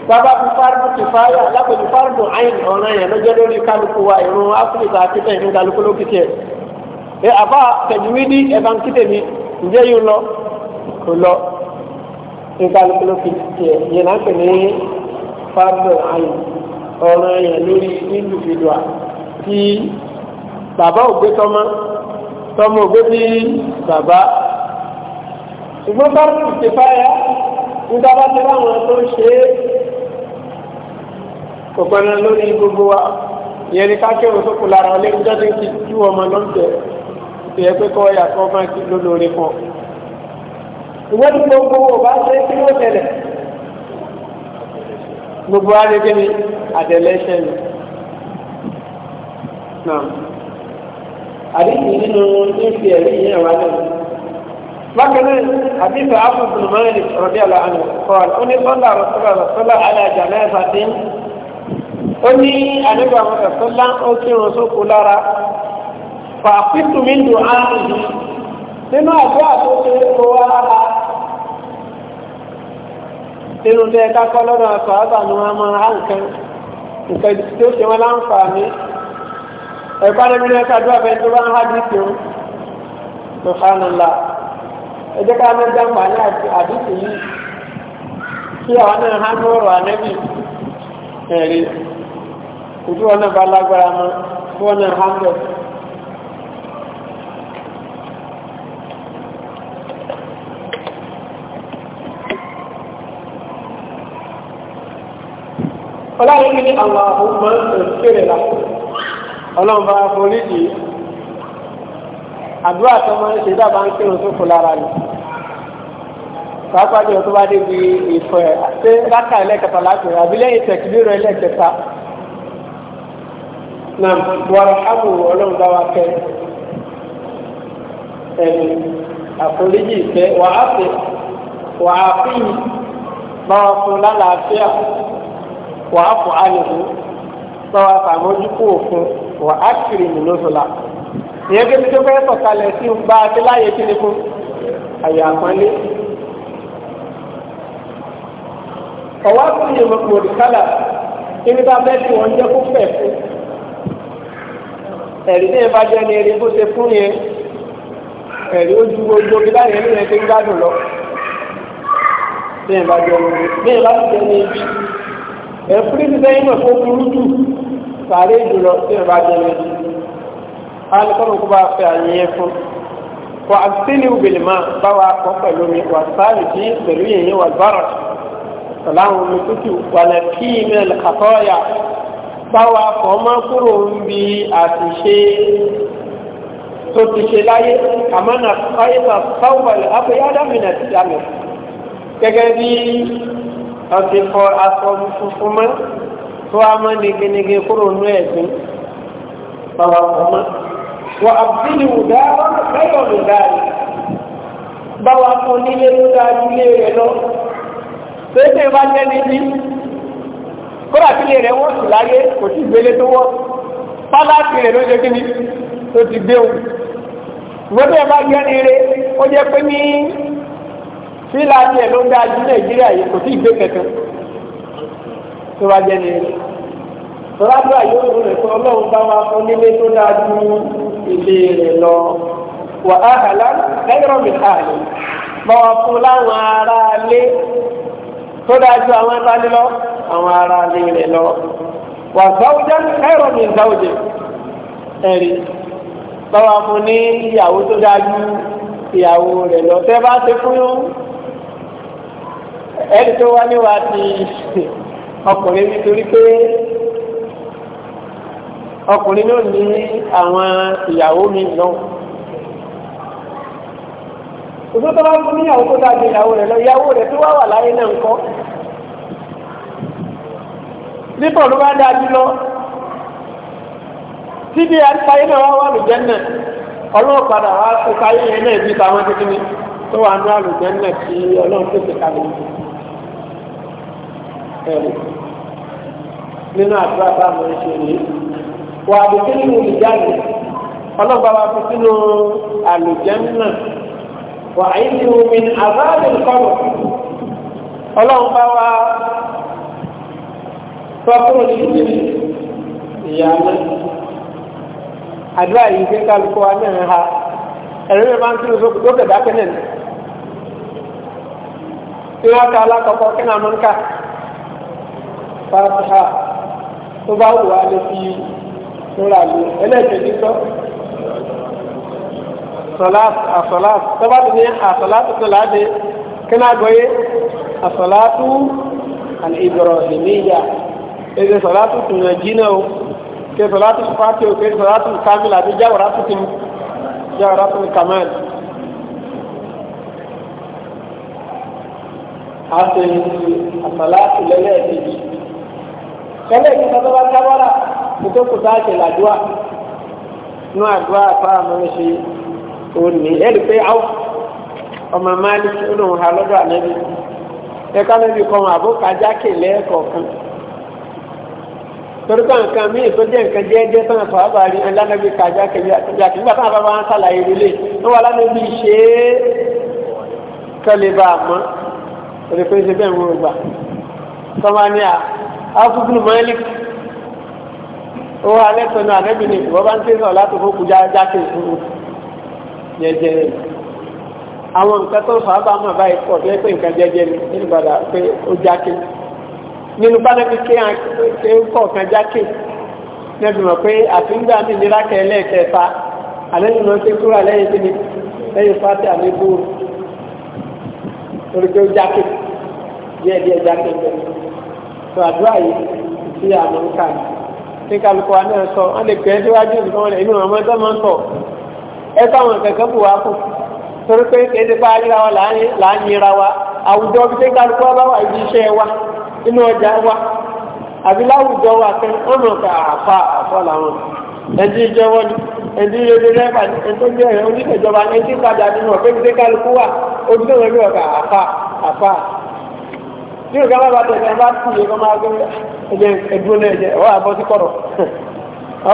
bàbá fi fárúkú ti fáyà lápẹ̀lú fárúkú àyìn ọ̀ràn yẹn lọ́jọ́ lórí kálukú wa ìrún áfíríkà àti tẹ̀yìn kálukú ló kìtì ẹ̀ ẹ àbá tẹ̀júwí ní ẹ̀bá ń kìtì mi ǹjẹ́ yìí ń lọ kò lọ ní kálukú ló kìtì ẹ̀ yẹn náà pè ní fárúkú àyìn ọ̀ràn yẹn lórí nílùú ìdùà tí bàbá ògbé tọmọ tọmọ ògbé bí bàbá ṣùgbọ́n bá rí ìṣèfáyà nígbà bá ti láwọn tó ń ṣe é kò pẹ́ lọ lórí gbogbo wa ìyẹn ni káṣí òun tó kù lára ọ lẹ́nu jáde ti ju ọmọ lọ́ńtẹ̀ tó yẹ pé kọ́ ọ̀yà kan máa ti lólórí kan. ìwé tí gbogbo wo bá ṣe kí ló tẹ̀lé gbogbo wa ni kí ni àtẹ̀lẹ́ṣẹ̀ ni àdìsí nínú ìfì ẹ̀rí yẹn wà náà. bákan náà àdìsí abúlé mọ́lì rọ̀bí àlọ́ àná kọ́ ọ ní sọ́lá rọ̀sọ́lá rọ̀sọ́lá alájà náà fàdé. ó ní àdìgbà wọn rọ̀sọ́lá ó kí wọn sóko lára. fàáfíìtù mi dùn á nìyí nínú àdúrà tó ṣe kó wá lára. nínú tẹ́ ká kọ́ àtọ̀ àbànú àmọ́ àǹkan nǹkan tó ṣe wọn láǹfààní ẹ̀kọ́ adébílẹ̀ ṣáájú abẹ́ tó bá ń há dìtì ó subhanallah ẹ jẹ́ ká mẹ́ta ń pàdé àdìtì yìí kí àwọn náà há ní ọ̀rọ̀ ànẹ́bì ẹ̀rí ojú ọ̀nà bá lágbára mọ́ kí wọ́n náà há ń ọlọ́run ní àwọn ọmọ ìṣẹ̀lẹ̀ lásìkò ọlọ́run bá foríjì àdúrà tó máa ń ṣe dábàá ń kírun tó kù lára ni pàápàá jùlọ tó bá débi ìfọ̀ ẹ̀ ṣé rákà ẹlẹ́kẹta láti rẹ̀ àbí lẹ́yìn tẹ̀kílérò ẹlẹ́kẹta na buhari abu ọlọ́run bá wa kẹ́ ẹ̀mí àforíjì ìfẹ́ wà á fi wà á fi bá fún lálàáfíà wà á fún àlùkò sọ́wọ́ àfàmójúkú òfin wà á kiri nìlóṣùlá ìyẹn kí tó fẹ́ sọ̀kalẹ̀ sí gba àti láàyè kí ni fún àyè àpọ́nlé. ọ̀wá fún yìí mo pòrì kálà kí ni bá bẹ́ẹ̀ tí wọ́n jẹ́ kó fẹ̀ fún. ẹ̀rí ní ìbàjẹ́ ni eré bó ṣe fún yẹn ẹ̀rí ó gbogbo bí láyé ní yẹn ń gbádùn lọ. bí ìbàjẹ́ ni bí ìbàjẹ́ ni ẹ̀fúrí ti sẹ́yìn náà kó burú sàárè jùlọ tí ìrìn bá jẹ ní ẹni alùpùpù kó bá fẹ́ àyẹ̀yẹ fún wà á sí ní òbèlè máa bá wa kọ́ pẹ̀lú mi wà sáàrì tí pẹ̀lú yẹn yẹn wà bárọ̀ sàlámù mi tútù wà nà kí mẹ́lẹ̀ kàtọ́ yà bá wa kọ́ mọ́ kúrò ń bi àtìṣe tó ti ṣe láyé àmọ́ nà káyíta sáwọ̀lì àpéyádá mi nà ti dàmì gẹ́gẹ́ bí ọ̀sẹ̀ fọ aṣọ tó a máa negenege kúrò nú ẹ̀sìn bàbá ọmọ wà àbílí wùdá lẹ́yọ̀ lùdá rẹ̀ báwa fún nílé lùdá nílé rẹ̀ lọ pépè bá tẹ́lẹ̀ ní kódà sílé rẹ̀ wọ́n sì láyé kò sí gbélé tó wọ́ pálásì rẹ̀ ló ṣe kí ni tó ti gbé o gbogbo ẹ̀ bá gbé ní eré ó jẹ́ pé ní sílá tiẹ̀ ló dáa ju Nàìjíríà yìí kò sí ìgbé kẹ̀kẹ́. tó bá jẹ́ nìyẹn. Tọ́lágbà rẹ̀ pé ọlọ́run bá wa fún nílé tó dáa ju lọ. Wà á hàlá ẹ̀rọ mi káàlì. Bá wa fún láwọn ará ilé tó dáa ju àwọn ẹ̀rọ ilé lọ, àwọn ará ilé rẹ̀ lọ. Wà záwùjá ẹ̀rọ mi záwùjẹ. Ẹ̀rí bá wa fún ní ìyàwó tó dáa ju ìyàwó rẹ̀ lọ. Tẹ́ bá ti fún ẹni tó wá ọkùnrin nítorí pé ọkùnrin náà ní àwọn ìyàwó mi lọ́wọ́ òṣù tó bá fún níyàwó tó dájú ìyàwó rẹ̀ lọ ìyàwó rẹ̀ tó wá wà láyé náà ń kọ́ nípò ló bá dájú lọ síbi àtìkáyé náà wá wà lùjẹ́ náà ọlọ́run padà wá kó káyé yẹn náà bí táwọn kékeré tó wà ní àlùjẹ́ náà tí ọlọ́run pèsè kalẹ̀ ẹ̀rù nínú àdúrà bá àwọn ẹṣẹ rèé wà á bùkún nínú ìjáde ọlọ́gbà wa fi sínú àlùjẹ́nà wà á yín omi àbáàdé kọ́rọ̀ ọlọ́run bá wa tọ́kùrù nínú ìyá náà àdúrà yìí fi kálukú wa náà ha ẹ̀rí rẹ̀ máa ń tún lókè dákẹ́ náà tí wọ́n ta alákọ̀ọ́kọ́ kí náà mọ́ ń kà fàtàkì tó bá wù wá lè fi múra lò ẹlẹ́ẹ̀kejì sọ sọláàtù àsọláàtù tó bá ti ní àsọláàtù tó láde kí náà gbọ́ yé àsọláàtù al-Ibrahimiyya eze sọláàtù tó yàn jìnnà o kí sọláàtù fàtí o kí sọláàtù kámìlà àti jáwòrán tó ti jáwòrán tó ti kàmáàlì. àti àsọláàtù tẹ́lẹ̀ ní sọ́tọ́ bá kábọ́là ètò kò tá a ṣe làdúrà inú àdúrà fáwọn ọmọ mi ṣe òní ẹ̀rí pé áwù ọmọ máàlì tí ó lòun ha lọ́dọ̀ ànábì ẹ̀ka níbi kan àbókájá kèlé ẹ̀kọ̀ọ̀kan torí kan kan mí tó jẹ́ nǹkan jẹ́ẹ́jẹ́ tán àtọ̀ àbárí ẹ̀ lánàbí kájá kèlé àtúnjà kí nígbà táwọn bàbá wọn sàlàyé relé ní wọn lánàbí ṣe é kẹlẹ́ bá a mọ́ torí pé ṣe bẹ́ẹ̀ ń wọ́n gbà tọ́wọ́ ní à akúkúrú mọ́lẹ́lì ó alẹ́ sọ̀nù ànẹ́bí ni ìwọ́n bá ń tẹ̀sán láti fún kújá jáde ìṣòro jẹjẹrẹ àwọn nǹkan tó fà á bá mọ̀ báyìí pọ̀ tó yẹ pé nǹkan jẹjẹrẹ nínú padà pé ó jáde nínú pálẹ́bí ké ń kọ̀ kan jáde nẹ́bí mọ̀ pé àfihàn mi nira kẹ́lẹ́ kẹfà alẹ́ nínú ọtí kúrò alẹ́ yìí ni lẹ́yìn fati àmì búrú torí pé ó jáde díẹ̀díẹ̀ jáde bẹ́ẹ̀. tó àdúrà yìí tí a mọ̀ ń kà ní. ṣé kálukú wa náà sọ wọ́n lè pẹ́ síwájú ìdúgbò wọn inú ọmọ ẹgbẹ́ máa ń sọ ẹ káwọn kẹ̀kẹ́ bù wá kù torí pé kéde bá ríra wa là wa àwùjọ bí ṣé kálukú wa bá ibi iṣẹ́ wa inú ọjà wa àbí láwùjọ wa wọ́n mọ̀ àfa àfọ́ làwọn ni bí o gbàgbà bàtà ìgbà bá kú yìí kó máa gbé ẹ̀jẹ̀ náà ẹ̀jẹ̀ ọ̀ àbọ̀ sí kọ̀rọ̀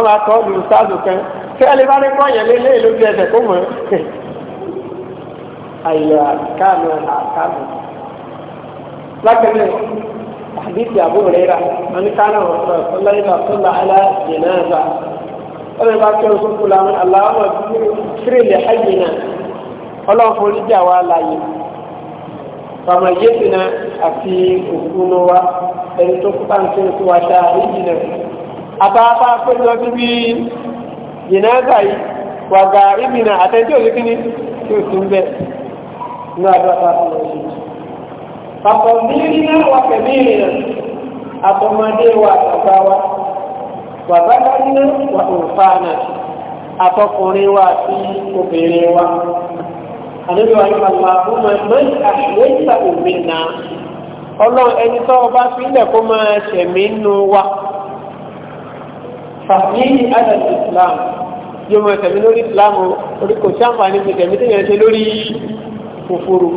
máa tọ́ sáàdù kan tí ẹ lè bá ní kọ́ yẹn lé lé lójú ẹsẹ̀ kó mọ̀ ẹ́. àyè àkáàmù àkáàmù lákẹ́lẹ́ àdìsí àbúrò rẹ̀ rà wọn ní kánà wọn sọ ọ̀sọ́lá bá fàmà yéfinà àfi òkúnú wa ẹni tó kú pàǹtí ní wa ṣá ìjìnà àtàwọn akpẹ́ni lọ síbi jìnnàza yìí wà gà ìbìnà àtẹ̀jọ́ òsìkìní tí ó sì ń bẹ̀ ní àdúrà pàtó lọ sí. Pàpọ̀ àdébí wa nípa làbú mẹ́rin àṣìwéjìlá òmìn náà ọlọ́run ẹni tó ọba sílẹ̀ kó máa ṣẹ̀mí nù wa fàmílì adàlù islam yóò máa ṣẹ̀mí lórí islam orí kò sí àǹfààní fi ṣẹ̀mí tó yẹn ṣe lórí fòfòrò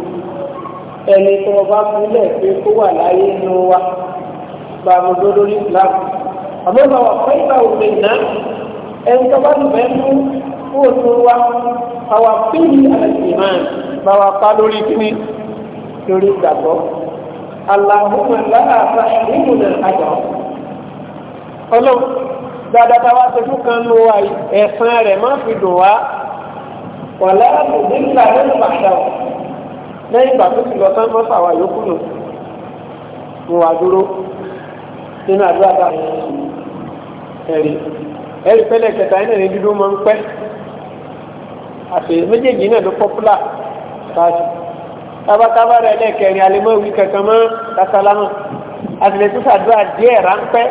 ẹni tó ọba sílẹ̀ pé kó wà láyé nù wa bá mo dó lórí islam àmọ́ bá wà fẹ́ ìgbà òmìn náà ẹni tó bá lù mẹ́rin kóòtù wa àwa pèlú àlẹ́sìmán bá wa pa lórí kíní lórí ìgbàgbọ́ aláhùnmọ̀ láàbà ìmúnà àjọ ọlọ́run dáadáa bá kan ló wa ẹ̀sán rẹ̀ má fi dùn wá wàlá òdìlà lẹ́nu pàṣà lẹ́yìn ìgbà tó ti lọ sán mọ́ fàwà yókù nù mo wà dúró nínú àdúrà bá ẹ̀rí ẹ̀rí pẹ́lẹ̀ kẹta ẹ̀nà ní dúdú ń pẹ́ àtẹ̀yẹ méjèèjì náà ló pọ́pùlà káàsì tábátábá rẹ̀ lẹ́ẹ̀kẹrin alẹ́mọ́wí kankan mọ́ kásálámà àtẹ̀lẹ́ tó sàdúrà díẹ̀ ráńpẹ́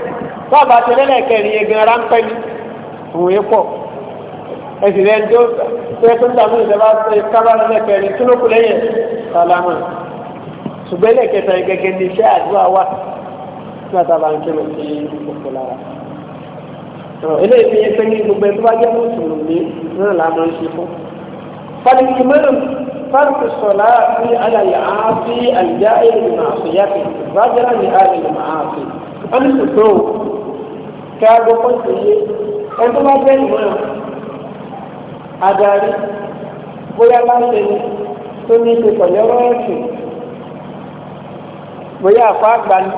bábà tẹ̀lẹ́ lẹ́ẹ̀kẹrin yẹn gan ráńpẹ́ ni òun yẹn pọ̀ ẹ̀sìn rẹ̀ tó tẹ́ tó ń dààmú ìjọba tábà lẹ́ẹ̀kẹrin tó ló kù lẹ́yìn sálámà ṣùgbọ́n lẹ́ẹ̀kẹta yẹn gẹ́gẹ́ ní iṣẹ́ àdúrà wa látàbà ń kí eléyìí fi yẹn pé ní gbogbo ẹ tó bá فالإمام فرق الصلاة على العاصي الجائر بمعصيته رجلا لهذه المعاصي أنصتوا كابو قلتي أنت ما بين ما أداري bóyá láti tó ní ṣe pẹ̀lú ọ̀rọ̀ ẹ̀sìn bóyá àpá àgbà ni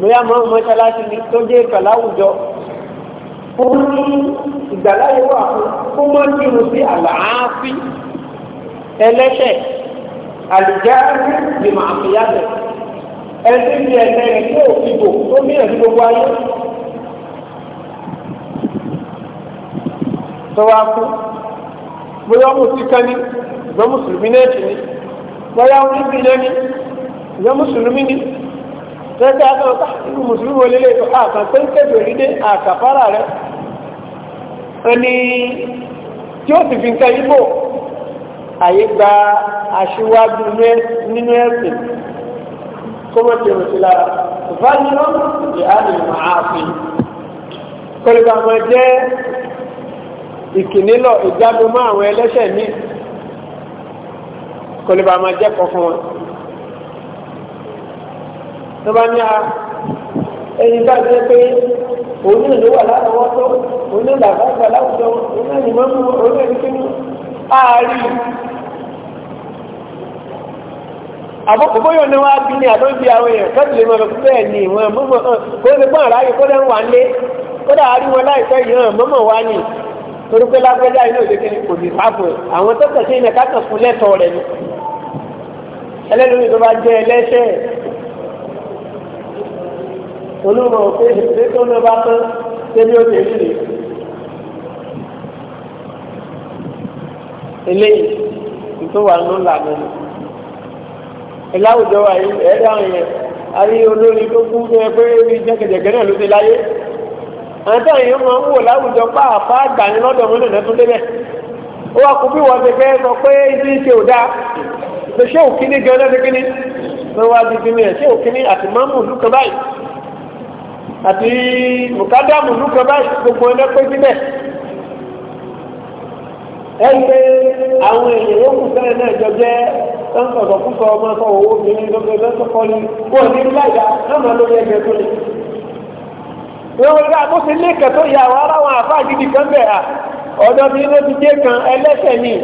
bóyá mọ́ mọ́ṣáláṣí ni tó òun ní ìgbàláyé wà fún kó máa ń kírun sí àlàáfí ẹlẹ́ṣẹ̀ àlùjáàrí lè máa fi yàtọ̀ ẹni tí ẹ̀sẹ̀ rẹ̀ tí ò fi bò tó ní ẹ̀sìn gbogbo ayé tó wá kú bóyá ọmọ sí kání ìgbà mùsùlùmí náà ti ní bóyá ọmọ sí náà ní ìgbà mùsùlùmí ní tẹ́tẹ́ àtọ́ta ìlú mùsùlùmí wọlé lè tó àkànpé ń kébèrè dé àkàfàrà rẹ̀ ẹni tí ó sì fi nǹkan yíbò àyè gba aṣíwájú nínú ẹ̀sìn kó mọ̀ tí o ti lára ìfáàyàn ìdí àdìrí màá fi kọlùkà máa jẹ́ ìkìnílọ̀ ìjádùn mọ́ àwọn ẹlẹ́ṣẹ̀ ní kọlùkà máa jẹ́ kọ fún wọn tó bá ní a ẹni bá jẹ́ pé òun ìlú wà láwọn tó òun ìlú àgbàgbà láwùjọ òun náà ní mọ́mú òun náà ní kí ní ààrí. àbọ̀kùnbóyọ̀ ni wọ́n á bí ní àdóbi àwọn èèyàn kẹ́tù lè mọ̀rọ̀ bẹ́ẹ̀ ni ìwọ̀n mọ́mọ́ kó lè pọ́n ráyè kó lè ń wà ń lé kó dà á rí wọn láìpẹ́ yìí hàn mọ́mọ́ wá ní torí pé lágbẹ́dá inú òde kiri kò ní sáàpù àwọn tó kẹ̀sí ilẹ̀ kákan olóòrò pé ṣé tó ló bá tán débi ó ti rí rí eléyìí tó wà ló là nínú ìláwùjọ wa yìí ẹ̀ẹ́dá àwọn èèyàn ayé olórin tó kú tó yẹ pé ibi jẹ́gẹ̀jẹ̀gẹ̀ náà ló ti láyé àwọn táwọn èèyàn máa ń wò láwùjọ pàápàá àgbà ní lọ́dọ̀ mọ́nà náà tún débẹ̀ ó wà kó bí wọ́n ti fẹ́ sọ pé ibi ṣe ò dáa ṣe ṣé gan-an náà ti kíní lọ́wọ́ adìgbìmí ẹ̀ ṣé òkíní àti máàmù àti mùkádàmù báyìí gbogbo ẹgbẹ́ pé síbẹ̀ ẹ pé àwọn èèyàn yóò kù sẹ́yìn náà jọ jẹ́ púpọ̀ ọmọ owó mi ní láyà lórí ẹgbẹ́ tó wọ́n ìkẹ́tọ́ àfa kan bẹ̀ à ah, ọ̀dọ́ mi ló ti dé kan ẹlẹ́sẹ̀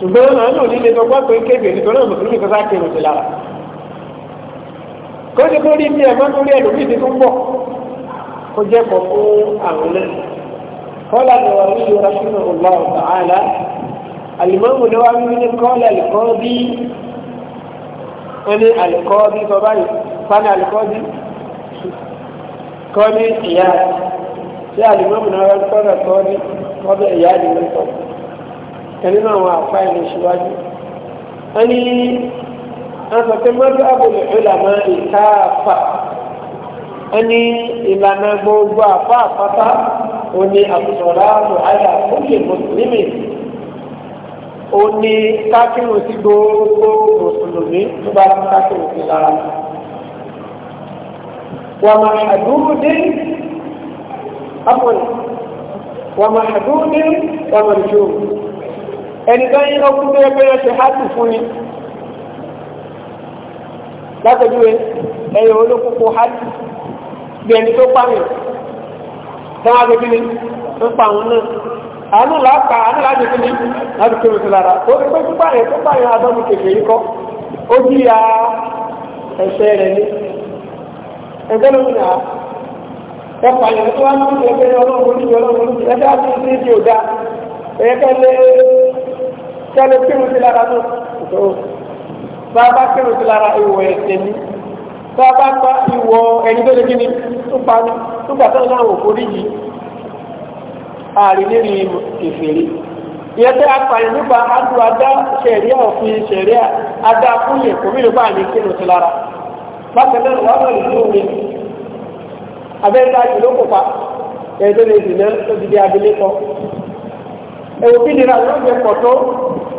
ṣùgbọ́n àwọn náà nílé tó gbọ́ pé kébè nítorí àwọn mùsùlùmí kan sáà kéwòn sí lára kó ṣe tó rí bí ẹ̀gbọ́n tó rí ẹlòmíì ti tún bọ̀ kó jẹ́ kọ̀ fún àwọn náà kọ́lá ni wà ní yorùbá sínú ọ̀la ọ̀tà àlá àlùmọ́ọ̀mù ni wàá wíwí ní kọ́lá ẹ̀lẹ́kọ́ bí wọ́n ní àlùkọ́ bí sọ báyìí fani àlùkọ́ bí kọ́ ní ìyá tí àlùmọ́ọ̀mù náà wọ́n kọ́ ẹ̀nínú àwọn àpá ìlú ṣíwájú wọ́n ní wọ́n sọ pé mọ́tò àbòlò ìlànà ìkáàfà wọ́n ní ìlànà gbogbo àpá àpáta ó ní àbùsọ̀rọ̀ àbò àyà fúnlẹ̀ mùsùlùmí ó ní kákìrù sí gbogbo mùsùlùmí tó bá ti kákìrù sí lára wọ́n àdúró dé àpọ̀lọ̀ wọ́n àdúró dé wọ́n máa ẹni tó yín lọ́kú tó yẹ pé yọ ṣe hátù fún ni látọ̀júwe ẹ̀yẹ olókùnkùn hátù bí ẹni tó pààyàn tó wá gbẹ́bí ni tó pààyàn náà àánú làákà àánú láti fi ní láti kí oṣù lára tó fi pé pípààyàn tó pààyàn adọ́mu kékeré kọ́ ó jìyà ẹ̀ṣẹ̀ rẹ̀ ní ẹgbẹ́ lómìnira ẹ̀pààyàn tó wá ní ìṣẹ̀lẹ̀ ọlọ́run oníṣẹ́ ọlọ́run oníṣẹ́ ẹgbẹ́ àti ìṣẹ́ ìṣẹ́ òdà ẹ̀yẹ́kẹ́ lé kẹlẹ kírun sí lára náà tó bá a bá kírun sí lára ìwọ̀ ẹ̀sẹ̀ mi bá ẹni tó lè kí ni tó pa ní tó gbà sọ́nà àwọn òkúrí yìí ààrin nínú ìfèrè ìyẹn tó apààyàn nípa adùn adá ṣẹ̀ríà òfin ṣẹ̀ríà adá fúnyẹ̀ kò mí nípa àmì kírun sí lára bákan náà wàá bẹ̀rẹ̀ sí omi abẹ́rẹ́ àjò ló kópa ẹ̀ẹ́dẹ́rẹ́ ìdìnnà tó ti di abilékọ kí nira ló ń pọ̀ tó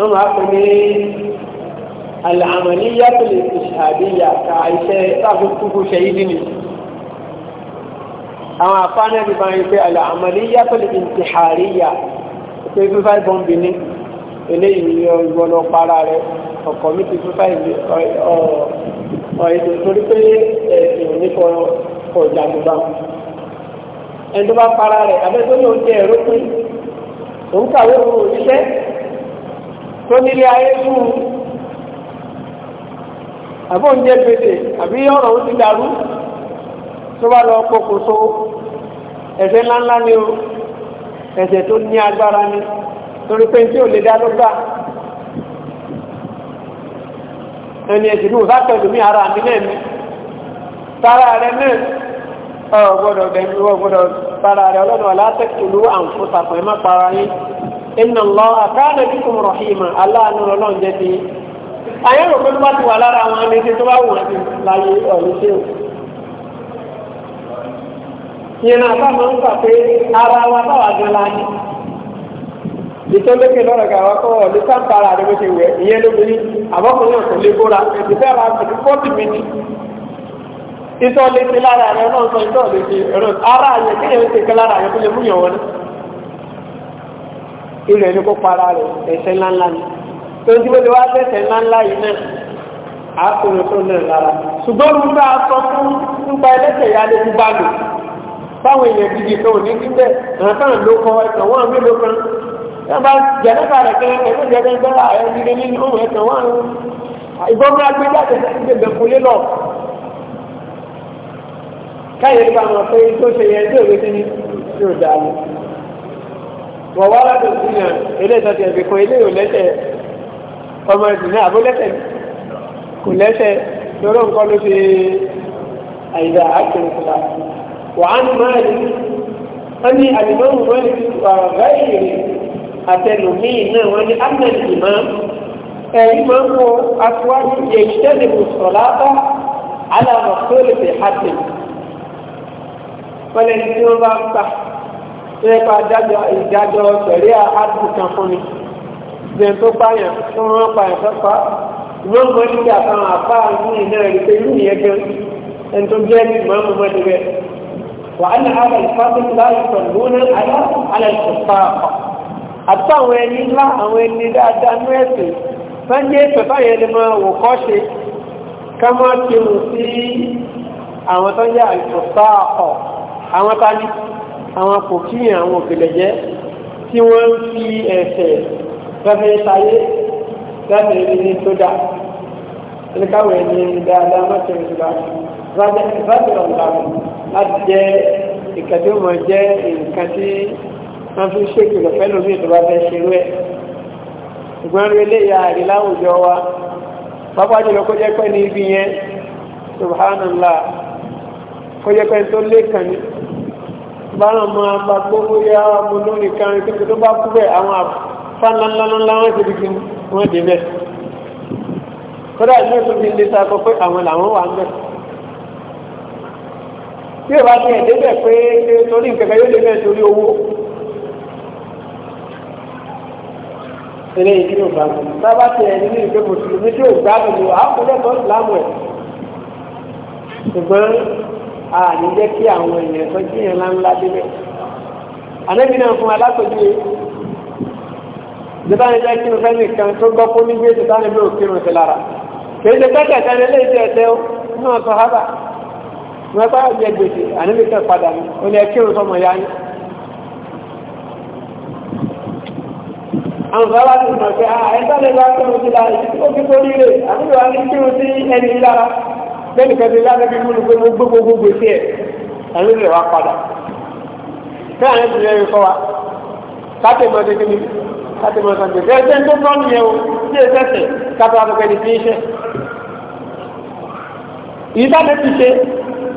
wọ́n máa pè ní alàmàlíyà tó lè fi ṣàdéyà ká iṣẹ́ sáfún kúkú ṣe yí dínì àwọn àfáàní ẹbí bá ń pè alàmàlíyà tó lè fi ṣàríyà pé fífá ìbọ̀nbì ní eléyìí ìwọ̀nà para rẹ̀ ọkọ̀ mi ti fífá ìdè torí pé ẹ̀sìn nípa ọjà gbogbo ẹni tó bá para rẹ̀ abẹ́tọ́ ní oúnjẹ ẹ̀rọ pé òun kàwé òun òṣìṣẹ́ tó nílé ayé dùn àbọ̀ ń jẹ́ gbèdè àbí ọ̀rọ̀ ó ti dàrú tó bá lọ pokòso ẹ̀ṣẹ̀ ńláńlá ni o ẹ̀ṣẹ̀ tó ní agbára ni torí pé tí ò lè dá ló gbà ẹni ẹ̀sìn ní òsà pẹ̀lú mi ara mi náà mi tara rẹ náà ọ̀ gbọ́dọ̀ bẹ̀rù ọ̀ gbọ́dọ̀ tara rẹ ọlọ́dún ọ̀lá tẹ̀kùlú àǹfọ̀tàpọ̀ ẹ̀ má para yín inna Allah kana bikum rahima aláàánú ọlọ́run jẹ́ ti àyẹ̀rò pé bá ti wà lára àwọn amẹ́tẹ́ tó bá wù wọ́n ti láyé ọ̀rọ̀ ṣe o. ìyẹn náà bá máa ń gbà pé ara wa báwa gan la ní. ìtọ́lẹ́kẹ̀ lọ́rọ̀ gà wá kọ́ ọ̀ ní sáǹpara rẹ̀ bó ṣe wẹ̀ ìyẹn lóbìnrin àbọ̀kùnrin ọ̀sán lè bóra ẹ̀sìnkẹ́ ara rẹ̀ fọ́ọ̀tì mi ni. ìtọ́lẹ́kẹ̀ lára rẹ̀ náà sọ ìtọ́lẹ́kẹ̀ ara rẹ̀ kéèyàn ti kẹ́ lára rẹ̀ tó lè mú yàn wọ́n náà ilẹ̀ ní kó para rẹ̀ ẹ̀ṣẹ̀ ńláńlá ni tó ń dúró lè wá tẹ̀sẹ̀ ńláńlá yìí náà àákùnrin tó náà lára ṣùgbọ́n mo bá a sọ fún nípa ẹlẹ́sẹ̀ ìyá lè gbúgbà lò fáwọn èèyàn gidi kan ò ní kí bẹ́ẹ̀ àwọn kan ló kọ ẹ̀sán wọn mélòó kan yóò bá jẹ̀dẹ́fà rẹ̀ kẹ́ ẹ̀rọ jẹ̀dẹ́fà rẹ̀ nílé nínú òun ẹ̀sán wọn ìbọn máa gbé jáde sí gbẹgbẹ kulé lọ ṣe yẹn tó wọ́n wá látò sí yàn eléyìí tó ti ẹ̀bì kan eléyìí ò lẹ́sẹ̀ ọmọ ẹ̀sìn náà àbó lẹ́sẹ̀ kò lẹ́sẹ̀ lọ́rọ̀ nǹkan ló ṣe àyíká àkèrè fúnra wà á ní máàlì wọ́n ní àlùmọ́ọ̀mù wọ́n ní gáìrì àtẹnumíì náà wọ́n ní amẹ́lì ìmọ̀ ẹ̀yìn máa ń wo aṣáájú ìyẹ̀ṣẹ́lẹ̀ mùsọ̀láta alámọ̀tólè fẹ̀ hàtẹ̀ wọ́n lẹ́ni tí wọ́n bá ń pa tó yẹ pa ìdájọ́ tẹ̀lé àádùn kan fún mi ìgbẹ̀ tó pààyàn tó rán pààyàn tó pa ìwọ́n mọ́ níbi àtàwọn àpá ní iná rí pé irú yẹn gan ẹni tó jẹ́ ní ìmọ̀ ọmọ níbẹ̀ wà á ní àlẹ́ ìfásitì láì sọ lónà àlá àlẹ́ ìfọ̀fà àtàwọn ẹni ńlá àwọn ẹni dáadáa ní ẹ̀sìn sáńjẹ́ pẹ̀fà yẹn ni máa wò kọ́ ṣe ká máa kéwòn sí àwọn tó ń jẹ́ àìsọ̀fà ọ̀ àwọn tá ní àwọn kòkíyàn àwọn òkèlèjẹ́ tí wọ́n ń fi ẹ̀fẹ̀ fẹ́fẹ́ sáyé láti rí ní sódà ní káwọn ẹni dáadáa mọ́tẹ̀rẹ̀ ìgbà láti rọ̀ láti láti jẹ́ ìkà tí ó mọ̀ jẹ́ nǹkan tí wọ́n fi ṣèkìlọ̀ fẹ́lú mi tó bá fẹ́ ṣe rú ẹ̀ ṣùgbọ́n rí eléyà ní ibi yẹn subhanallah kó tó lé kàn ní báwọn máa bá gbogbo yá ọmọ lórí kan tó tó bá kú bẹ́ẹ̀ àwọn afánlánlánlá wọn ti di kí wọ́n dé bẹ́ẹ̀ kódà ìlú ètò ti lè sa kọ pé àwọn làwọn wà ń bẹ̀. bí o bá ti ẹ̀ débẹ̀ pé torí nǹkan kan yóò débẹ̀ torí owó eléyìí nínú ìbámu bábá ti ẹni ní ìgbé mùsùlùmí tí ò gbádùn lò àkọlẹ́tọ̀ ìsìlámù ẹ̀ ṣùgbọ́n a ní jẹ́ kí àwọn èèyàn tó jí yẹn ńláńlá débẹ̀. ànábì náà fún alákòjú yìí ìjọba ìjọba kí n fẹ́ nìkan tó gbọ́ fún nígbè tó bá níbi òkèrò sí lára kì í ṣe kẹ́kẹ́ kan lé léṣe ẹ̀tẹ́ ó ní ọ̀sán hábà wọ́n bá yẹ gbèsè ànábì kan padà ní ó ní ẹkírun sọmọ yá ní. àwọn sábà ti mọ̀ pé ah, ẹ̀ka lè bá kírun sí lára ó ti kórìíre àbúrò wa ní kírun sí ẹni lára lẹ́nu kẹ́tẹ́ lánàbí múlù pé mo gbé gbogbo gbèsè ẹ̀ àwọn ilẹ̀ wa padà kí àwọn ìdílé rẹ̀ kọ́ wa káàtẹ́ mọ́ tẹ́tẹ́ mi káàtẹ́ mọ́ tẹ́tẹ́ mi ẹ̀ṣẹ́ tó tọ́ nìyẹn o sí ẹ̀ṣẹ̀ṣẹ̀ káàtẹ́ wọn kẹ́ni fi ṣe. ìyí sáà ti ṣe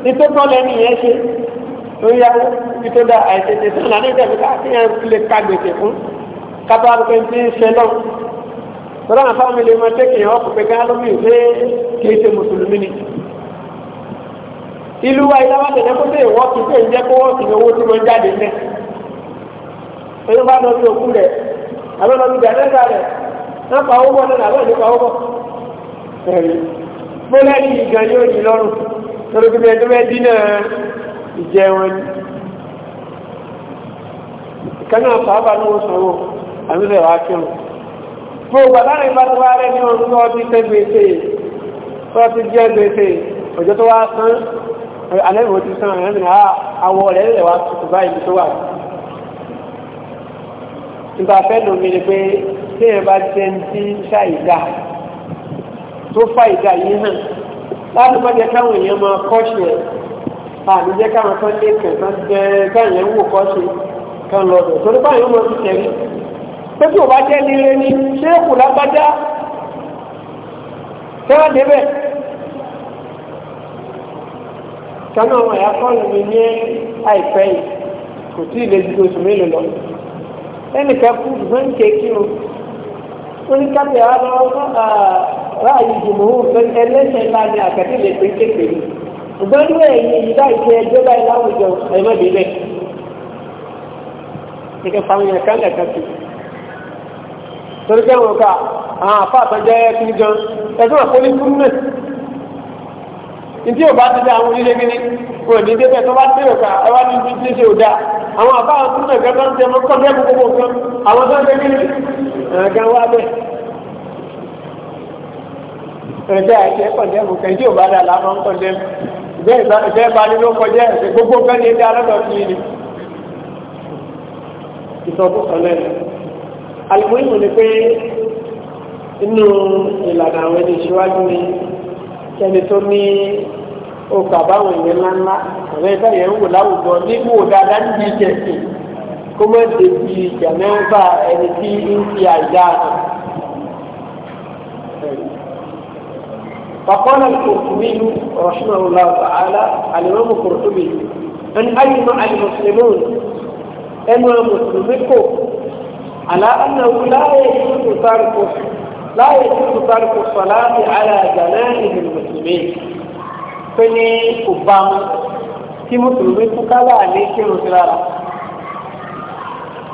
ní tó tọ́ lẹ́nu yẹn ṣe lórí àwọn ibi tó dá àìṣèṣe sọ́nà ní ìdẹ̀bí káàtẹ́ lè ka gbèsè fún káàtẹ́ wọn kẹ́ni fi ṣe náà tọ́lá àwọn fáwọn ilé wọn tẹ́kẹ̀ẹ́ ọkùnrin kan lómi ìwé kì í ṣe mùsùlùmí ni. ìlú wa ìlà wọn tẹ̀lé kótó ìwọ́ọ̀kì tó ń kó wọ́ọ̀kì ní owó tí ń jáde ní. oyún bá lọ sí òkú rẹ̀ àbẹ́ lọ sí gàdẹ́gà rẹ̀ wọ́n pa owó náà àbẹ́ ìlú pa owó. bóyá ní ìgbà yóò yí lọ́rùn lórí bí bẹ́ẹ̀ ìjẹun ẹni. ìkànnì kírun. tó tó alẹ́wò ti sàn àwọn ẹ̀mìnà àwọ̀ rẹ̀ rẹ̀ wá tutù báyìí tó wà. nígbà fẹ́ lómi ni pé tí èèyàn bá jẹ́ ń ṣàìdá tó fà yìí hàn láti má jẹ́ káwọn èèyàn máa kọ́ṣe ẹ̀ àmì jẹ́ káwọn kan lé kẹ̀kẹ́ bẹ́ẹ̀ káwọn èèyàn wò kan lọ́dọ̀ torí báyìí wọ́n ti tẹ̀lé pé tí ò bá jẹ́ nílé ní ṣé kù lágbájá tẹ́wọ́n débẹ̀ kánú àwọn ẹ̀yà kọ́ọ̀lù mi ní àìpẹ́ yìí kò tí ì lè ju oṣù mélòó lọ ẹnìkan kú ṣùgbọ́n ní kéèkì o ó ní kápẹ́ àwọn ọlọ́wọ́ ráàyè jùmọ̀hún ẹlẹ́sẹ̀ ńlá ni àkàtì lè pé kéèké yìí ṣùgbọ́n ní ẹ̀yìn èyí láì ṣe ẹjọ́ báyìí láwùjọ ẹ̀mọ́dé bẹ́ẹ̀ nígbà fáwọn èèyàn kan lẹ̀ka sí torí kẹ́wọ̀n ká àwọn àfáà tó jẹ́ ntí o bá ti dá àwọn onílé gíní kò ní débẹ̀ tó bá tẹ̀lé ká ẹ wá ní ibi tí ṣe ò dá àwọn àbá àwọn tó nàgá tó ń tẹ̀ mọ́ kọ́ńtẹ́ gbogbo nǹkan àwọn tó ń tẹ̀ gíní nàgá wá bẹ́ẹ̀. ẹ̀jẹ̀ àti ẹ̀kọ́ndẹ́ mú kẹ́ńtì ò bá dà láwọn kọ́ndẹ́ bẹ́ẹ̀ bá nínú kọjá ẹ̀sẹ̀ gbogbo nǹkan ní ẹ̀dá alọ́dọ̀ sí i ni. ìsọkúsọ lẹ́nu alùpùpù ni pé inú ìlànà àwọn ẹni ìṣíwájú ni ẹni tó ní okò àbáwọn ìyẹn ńláńlá àwọn ẹgbẹ́ yẹn ń wò láwùjọ nígbò dáadáa níbi ìjẹsìn kó má ṣe fi ìjà mẹ́fà ẹni tí ń fi àìdá hàn. فقال القرطبي رحمه الله تعالى الإمام القرطبي أن أجمع المسلمون أن المسلمين على أنه لا يجوز ترك láyé tí kò sáré kò sọ láti aláàjàná ìlú mùsùlùmí pé ní kò bá mu kí mùsùlùmí kú kálá ní kí ló ti rárá.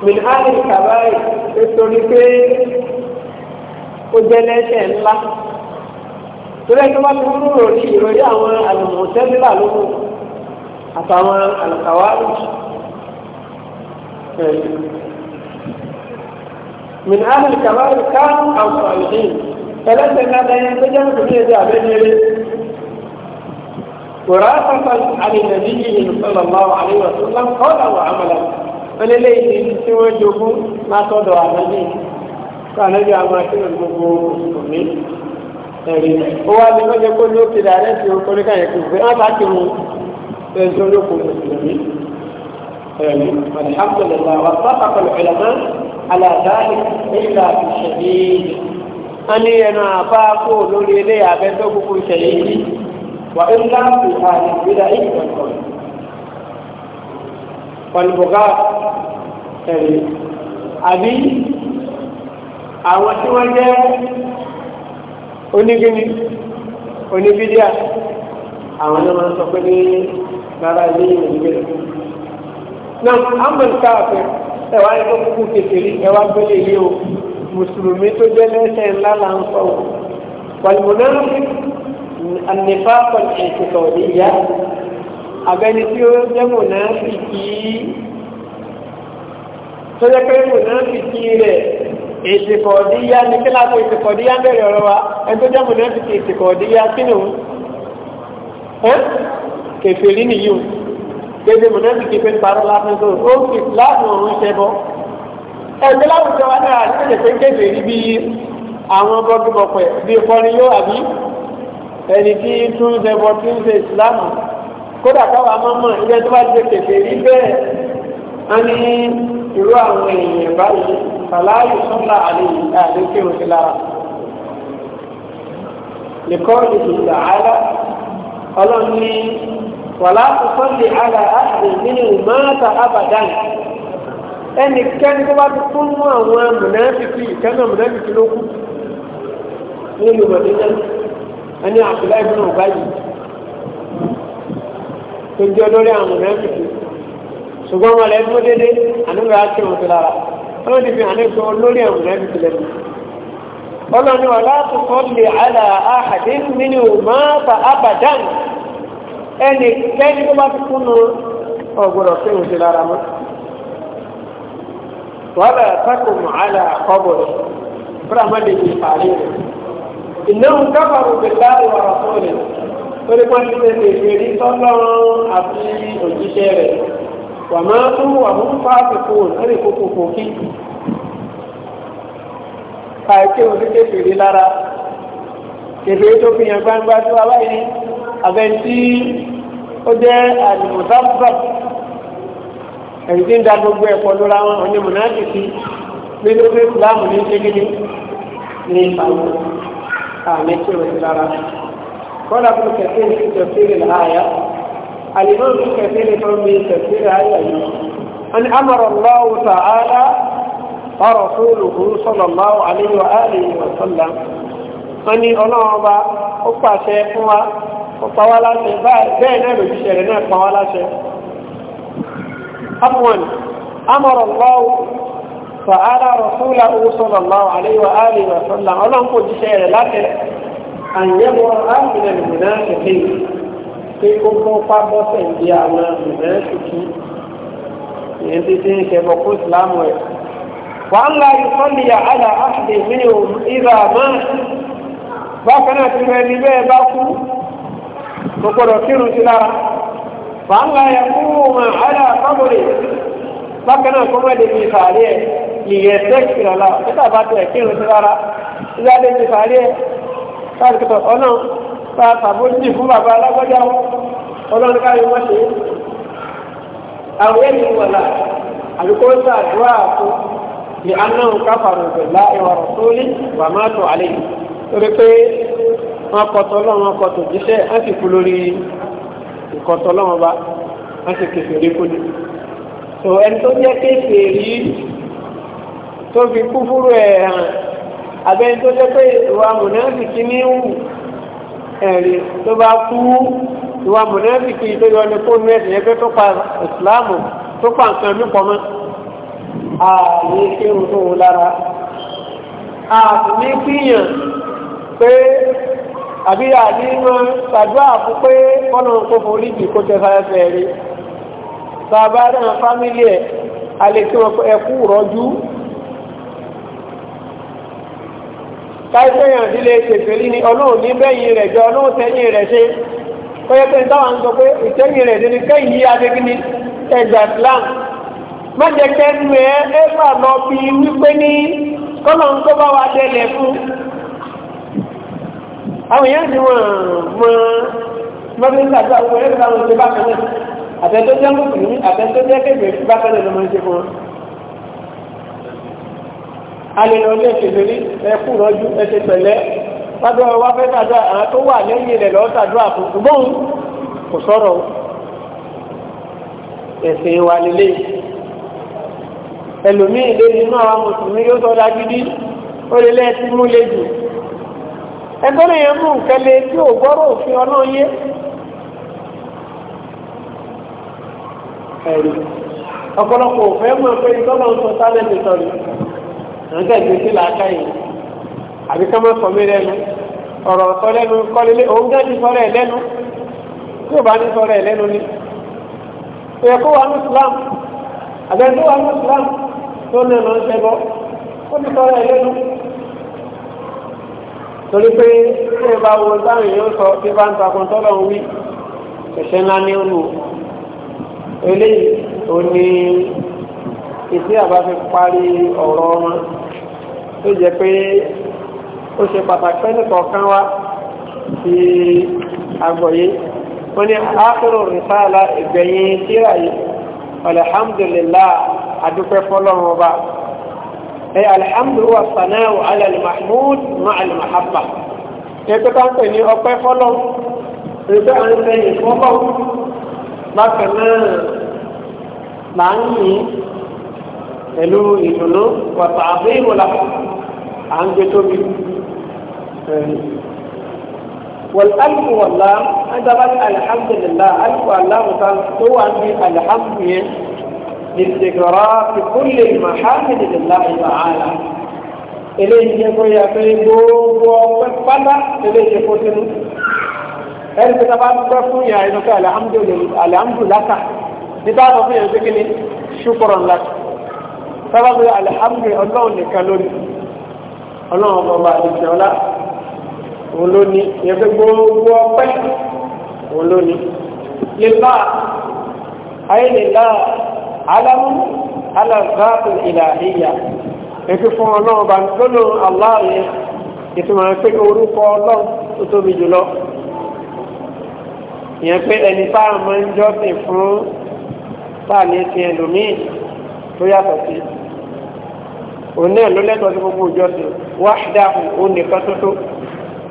min hali kàbáyé nítorí pé ó jẹ́ lẹ́sẹ̀ ńlá torí ẹni wá ti rúrò ní ìròyìn àwọn àlùmọ̀tẹ́lélà lóko àtàwọn àlùkàwárì. من أهل الكبائر كانوا أو صالحين فليس هذا ينتجم بسيد أبنه وراثة عن النبي صلى الله عليه وسلم قال وعملا فلليه الجبور ما تدعو عليه كان جامعة ما كان الجبور káyẹ̀ kò fẹ́ ọ́n bá ti mú ẹ̀sùn olóko mùsùlùmí ẹ̀mí alhamdulillah wa على ذلك إلا بالشديد أني أنا أفاقو لولي لي أبدوكو شديد وإلا في هذه البدع والقول والبغاء أبي àwọn tí wọ́n jẹ́ onígini oníbídíà àwọn náà máa sọ pé ní rárá ilé ìwé ìgbéra náà amọ̀ nǹkan àfẹ́ ẹwà yìí tó kúkú kékeré ẹwà gbélé yìí o mùsùlùmí tó jẹ́ lẹ́sẹ̀ ńlá là ń sọ o pàlùmọ́nà ànífà pàlù ẹ̀sìnkà òde ìyá abẹ́ni tí ó jẹ́ mùnáfìkì tó jẹ́ pé mùnáfìkì rẹ̀ èsìkọ̀ ọ̀díyá ní kí láàpọ̀ èsìkọ̀ ọ̀díyá bẹ̀rẹ̀ ọ̀rọ̀ wa ẹni tó jẹ́ mùnáfìkì èsìkọ̀ ọ̀díyá kí ni òun kèfèrí nìyí òun gbèdé mọ̀nẹ́bìkì pé parọ́ lásán tó ó fi láàbù òun ṣe bọ́. ẹgbẹ́ láwùjọ wa náà àtẹ̀lẹ̀ pé kéde rí bí àwọn bọ́gbọ̀pẹ̀ bíi kọrin yóò àbí ẹni tí tún ṣe bọ́ tí ń ṣe ìsìlámù kódà káwa máa mọ̀ ilé tó bá ṣe kéde rí bẹ́ẹ̀ wọ́n ní irú àwọn èèyàn báyìí fàlàyé sọ́lá àlejò àlejò ìlara. lè kọ́ ìdùnnú àárá ọlọ́run ní wàlá tusalli ala ahadin minhum mata abadan ẹnikẹ́ni tó bá ti fún mú àwọn mùnáfíkì ìkẹ́nà mùnáfíkì ló kù nínú mọ̀lẹ́yìn ẹni Abdullahi ibn Ubay tó jẹ́ olórí àwọn mùnáfíkì ṣùgbọ́n wọn lẹ́nu dédé àníwò àti wọn ti lára wọn ti fi àníwò olórí àwọn mùnáfíkì lẹ́nu ọlọ́ni wàlá tusalli ala ahadin minhum mata abadan. ẹnì kẹ́ni tó bá ti kú nu ọ̀gbọ̀dọ̀ pé òun ti lára mọ́. wàhálà tako màálà kọ́bọ̀ rẹ̀ fúlàmà lè fi fàálẹ̀ rẹ̀. ìnáwó kábàrò bẹ̀rẹ̀ àwọn ọ̀rọ̀ rẹ̀ torí wọ́n ti ṣe lè fi tọ́lọ́ àti òjíṣẹ́ rẹ̀. wà máa tún wà mú fáàfì kú lórí kókó kókí. kàìké òní lára tó fi yàn gbangba tó wá báyìí abẹ́ntí ó jẹ́ àlùmọ̀sáfà ẹ̀rí tí ń da gbogbo ẹ̀kọ́ lóra wọn ọ̀ní mọ̀nàkìtì nínú pé ìsìláàmù ní ṣégídé ní àwọn àmì tí ó ti rárá. kọ́lá fún kẹfẹ́ ní tẹ̀síìrì láàyà àlìmọ́ fún kẹfẹ́ ní fún mi láàyà yìí. wọ́n amọ̀rọ̀ lọ́wọ́ ọ̀rọ̀ fún olùkúrú lọ́wọ́ ó baa bẹ́ẹ̀ náà lòdì ṣẹlẹ̀ náà pa wá amọ̀rọ̀ lọ́wọ́ fàálà rọ̀súlà ọ̀sọ̀lọ̀ lọ́wọ́ àléwà àléwà sọ́là ọlọ́nkò jíṣẹ́ rẹ̀ láti àyẹ̀wò àmìnà ìmìnà kẹfẹ́ pé ó kó kò gbọdọ̀ kírun sí lára fàánlá yẹ fún wọn àyà kábòrè bákan náà kọ́mọ́ èdè fi fàálì ẹ̀ ìyẹ̀ sẹ́ẹ̀kì lọ́la nígbà bá tẹ̀ kírun sí lára ìyá lè fi fàálì ẹ̀ káàdì kìtọ̀ ọ̀nà ta tàbójì fún bàbá alágbọ́já wọn ọlọ́run káàdì wọ́n ṣe é àwọn ènìyàn wọ̀lá àbíkó sàdúrà fún ìhànà káfàrọ̀ bẹ̀lá ìwà rọ̀sọ́lì wàmátò àlẹ́ torí pé wọn kọtọ lọ́wọ́ kọtọ jíṣẹ́ wọn sì kú lórí ìkọtọ lọ́wọ́ bá wọn sì kèsì rí kú ni. tó ẹni tó jẹ́ kéèsì rí tó fi kú fúru ẹ̀ hàn abẹ́ni tó jẹ́ pé ìwà mùnáfìkì ní wù ẹ̀rí tó bá kú ìwà mùnáfìkì tó yọ ní fóònù ẹ̀sìn yẹn tó pa ìsìláàmù tó pa nǹkan mí pọ̀ mọ́ ààyè kéwù tó wù lára ààbò ní kíyàn pé àbí àdínú ṣàdúrà fún pé kó forí jì kó tẹ fẹ́fẹ́ rí bàbá náà fámílì ẹ̀ àlèkí wọn ẹkú rọjú káìsẹ́yàn sílé tèfèlí ni ọlọ́run bẹ́yìn rẹ̀ jọ ọlọ́run rẹ̀ ṣe kọ́yẹ́ pé táwọn ń sọ pé ìtẹ́yìn rẹ̀ ṣe ni kẹ́yìn adégíní ẹgbà Islam má jẹ́ kẹ́nu ẹ̀ ẹ̀ fà lọ bí wípé ní wa àwọn èèyàn ni wọ́n mọ mọ́bílísà tó àwọn ẹgbẹ́ bá wọn ṣe bákan náà àtẹ́tọ́ jẹ́ mùsùlùmí àtẹ́tọ́ jẹ́ kébèrè bákan náà ló máa ń ṣe fún wọn. alẹ́ lọ lé kébèrè ẹkú rọ́jú ẹsẹ̀ pẹ̀lẹ́ wájú wa fẹ́ tàdúrà àwọn tó wà lẹ́yìn rẹ̀ lọ́ọ́ tàdúrà fún ṣùgbọ́n kò sọ̀rọ̀ ẹ̀sìn wa lélẹ̀ ẹlòmíì lé nínú àwọn mùsùlùmí yóò sọ dájú bí ó lé lẹ́ẹ̀tí mú lé jù ẹgbẹ́rún yẹn mú nǹkan lé tí ò gbọ́rọ̀ òfin ọlọ́run yé ẹ̀rí ọ̀pọ̀lọpọ̀ òfin mọ̀ pé ìtọ́nà ń sọ sálẹ̀mì sọ̀rọ̀ nǹkan ìgbé sí làákà yìí àbí ká má sọ mí lẹ́nu ọ̀rọ̀ sọ lẹ́nu kọ́lélé òun gẹ́gẹ́ ti sọ̀rọ̀ ẹ̀ lẹ́nu tí ò bá ní sọ̀rọ̀ ẹ̀ lẹ́nu ni ẹ̀yẹ kó wà ní Islam àbẹ̀tó wà ní Islam tó lẹ́nu ń ṣẹbọ ó torí pé tí ẹ bá wo táwọn èèyàn sọ tí bá ń takùn tọ́lọ̀ ń wí ṣẹ̀ṣẹ̀ ńlá ní ònù eléyìí ò ní ìdí àbá fi parí ọ̀rọ̀ wọn tó jẹ́ pé ó ṣe pàtàkì pẹ́ nìkọ̀ọ̀kan wá sí àgbọ̀yé wọ́n ní ákùrù rìsáàlà ìgbẹ̀yìn tíra yìí alhamdulillah adúpẹ́ fọ́lọ́run ọba إيه، الحمد هو الصناء على المحمود مع المحبة يتكى إيه، أنت أني أبقى فلو يتكى إيه، أنت أني فلو ما كان معني إلو إلو وتعظيم له عن جتوب والألف والله عندما الحمد لله ألف والله هو الحمد لاستقرار كل المحامد لله تعالى eléyìí jẹ́ kó yà pé gbogbo ọpẹ́ pátá eléyìí jẹ́ kó sínú ẹni tí wọn bá gbọ́ fún yà ẹni pé alihamudulaka níta sọ fún yà pé kí ni ṣùkọrọ ńlá sábàbí alihamudu ọlọ́run nìkan lónìí ọlọ́run ọmọ ọba àdìsẹ ọlá òun ló ní yẹ pé gbogbo ọpẹ́ òun ló ní lè bá ayé lè láà alamu alazaatu ilahiya ètò fún ọlọ́run bá lọ́nà aláàrẹ ìtumọ̀ pé orúkọ ọlọ́run tó tóbi jùlọ ìyẹn pé ẹni táà máa ń jọ́sìn fún táà lè fi ẹlòmíì tó yàtọ̀ sí òun náà ló lẹ́tọ̀ọ́ sí gbogbo ìjọsìn wáhídáhù òun nìkan tótó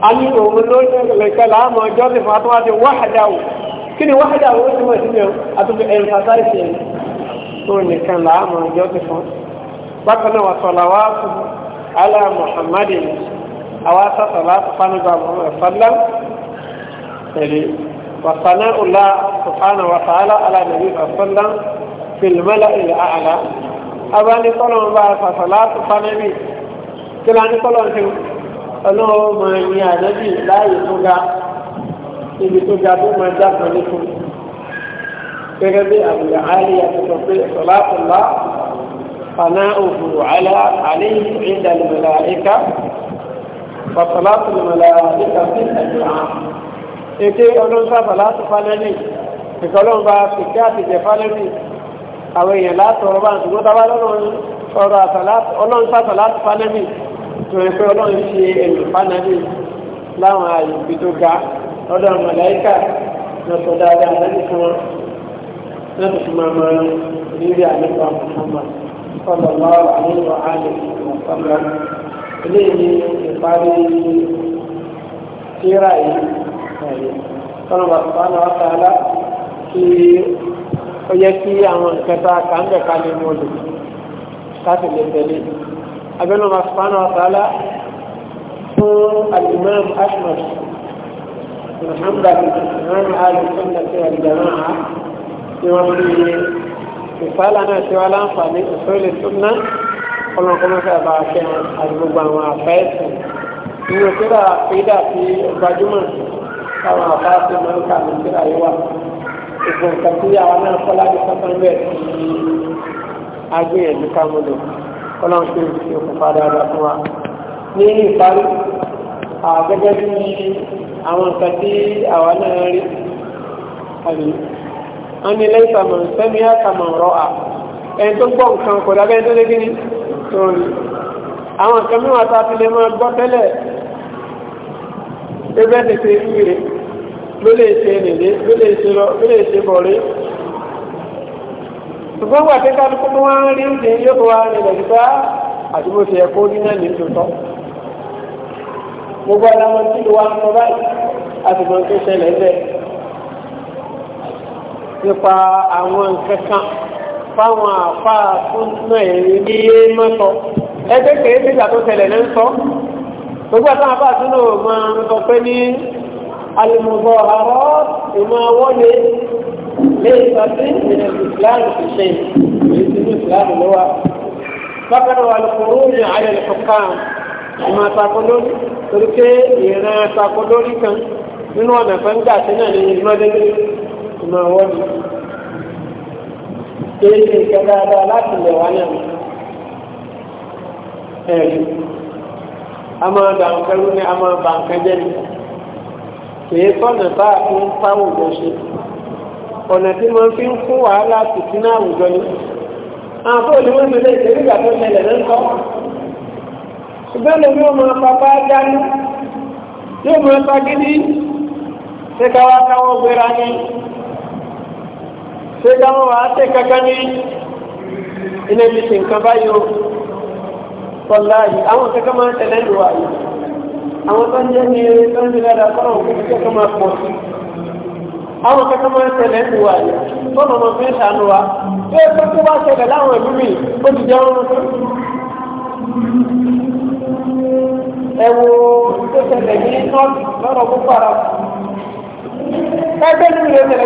a ní òun ló lẹ́kẹ́ láàmú ọjọ́sìn fún atúwájú wáhídáhù kí ni wáhídáhù ó túmọ̀ sí mi àtúntò ẹ̀ńfàsáìsì ẹ̀yìn tó nìkan làámọ̀ ọjọ́ ti fún. bákan náà wàsọ̀lá wa fún ala muhammadin àwa sọ̀tọ̀ láti fánúgbà muhammad sallam pẹ̀lú wàsánà ọ̀la sùfánà wàsánà ala nàbí sallam fìlmẹ́lá ilẹ̀ àlá. abánikọ́lọ̀ ń bá sọ̀tọ̀ láti fánúgbì kí lóanikọ́lọ̀ ń fi ọlọ́wọ́ mọ̀ ní àdébì láàyè tó ga ibi tó ga tó máa jáde gẹ́gẹ́ bí àbúrò àlè àtúntò pé sọlátùlá fana òhùrù àlà àlè ìdá lùmọ̀lá ìka fọ̀sọ̀látùlù mọ̀lá ìka sí ẹ̀jọ̀ àwọn. ètè ọlọ́run sábà láti fánẹ́lì ìkọlọ́run bá fìkẹ́ àtìjẹ fánẹ́lì àwọn èèyàn látọ̀rọ̀ bá ń dùgbò tábà lọ́rùn ọ̀rọ̀ ọlọ́run láti fi máa máa rírí àlẹ́fà Muhammad sọ̀rọ̀ lọ́wọ́ àlẹ́fà àlẹ́fà sọ̀rọ̀ eléyìí ìparí tíra yìí sọ̀rọ̀ bàbá náà sàlá kí ó yẹ kí àwọn ìkẹta kàńbẹ̀ kalẹ̀ mọ́lò láti lè tẹ̀lé abẹ́nu bàbá náà sàlá fún alimami Ahmad Muhammad Muhammad alayhi wa sallam tí wọ́n fi ìfàlà náà tí wọ́n láǹfààní ìfẹ́lẹ̀ tó ná ọlọ́kọ́mọ́fẹ́ àbá akẹ́wọn àti gbogbo àwọn àfẹ́ẹ̀sì nínú tíra fídà tí gbajúmọ̀ táwọn àfáàsì máa ń kà ní tíra yìí wà ìgbọ̀n kàtí àwọn náà kọ́lá ní sọ́kàn bẹ́ẹ̀ tí agbóyèmí kámúlò ọlọ́run tó ti òkùnfà dáadáa fún wa ní ìparí gẹ́gẹ́ bí àwọn nǹkan tí náà rí Ani ní lẹ́yìn sàmọ̀ sẹ́mi àkàmọ̀ rọ́ à ẹni tó gbọ́ nǹkan kò dábẹ́ tó légé ní tòun àwọn nǹkan mìíràn tá a ti lè máa gbọ́ tẹ́lẹ̀ ebe ti ṣe ìwé ló lè ṣe nìlé ló lè ṣe lọ ló lè ṣe bọ̀ rí ṣùgbọ́n wà tí kálukú tó wọ́n rí ń dín yóò wá nílẹ̀ gbígbá àti bó ṣe ẹ̀kọ́ ní náà ní tòótọ́ gbogbo àwọn tí wọ́n ń sọ báyìí àti nípa àwọn nǹkan kan fáwọn àfáà fún náà ẹ̀yìn ní mọ́tọ́ ẹgbẹ́ kèé nígbà tó tẹ̀lẹ̀ ní ń sọ gbogbo àtàwọn àfáà tún náà máa ń sọ pé ní alùmọ̀bọ̀ àrọ́ ìmọ̀ wọlé lè sọ sí ìrìnà ìsìláàmù ti ṣe ìrìnà ìsìláàmù lọ́wọ́ bákan náà alùpùpù ní àyè ìfọ̀kà ìmọ̀ àtakò lórí torí pé ìrìnà àtakò lórí kan nínú ọ̀nà fẹ́ ń gbà sí náà ní ìmọ̀dé máa wọ́n mi. Kéré ṣe nǹkan dáadáa láti lè wá náà. Ẹ̀rí. A máa gbà nǹkan rú ni a máa bà nǹkan jẹ́ ni. Kèé kọ́nà bá a fi ń fáwùjọ ṣe. Ọ̀nà tí mo fi ń fún wàhálà tìtì náà àwùjọ ni. Àwọn fóònù wọn mi lè ṣe nígbà tó ṣẹlẹ̀ ló ń kọ́. Ṣùgbọ́n lèmi ò máa papá dání. Yóò máa pagídí. Ṣé káwá káwọ́ gbéra ní? ṣé dáhùn wá tẹ̀ kankan ní ilé mi ṣe nǹkan báyìí o sọlá yìí àwọn kankan máa ń tẹ̀lé ìlú wa yìí àwọn tó ń jẹ́ ní eré tó ń jẹ́ dáadáa fọ́nà òkú kankan máa pọ̀ sí àwọn kankan máa ń tẹ̀lé ìlú wa yìí fọ́nà ọmọ fi ń ṣàánú wa tó yẹ kó bá ṣẹlẹ̀ láwọn ìlú mi ó ti jẹ́ wọn tó ẹ wo tó ṣẹlẹ̀ ní nọ́ọ̀tì lọ́rọ̀ púpọ̀ ara ẹgbẹ́ ìlú rẹ̀ tẹ̀lé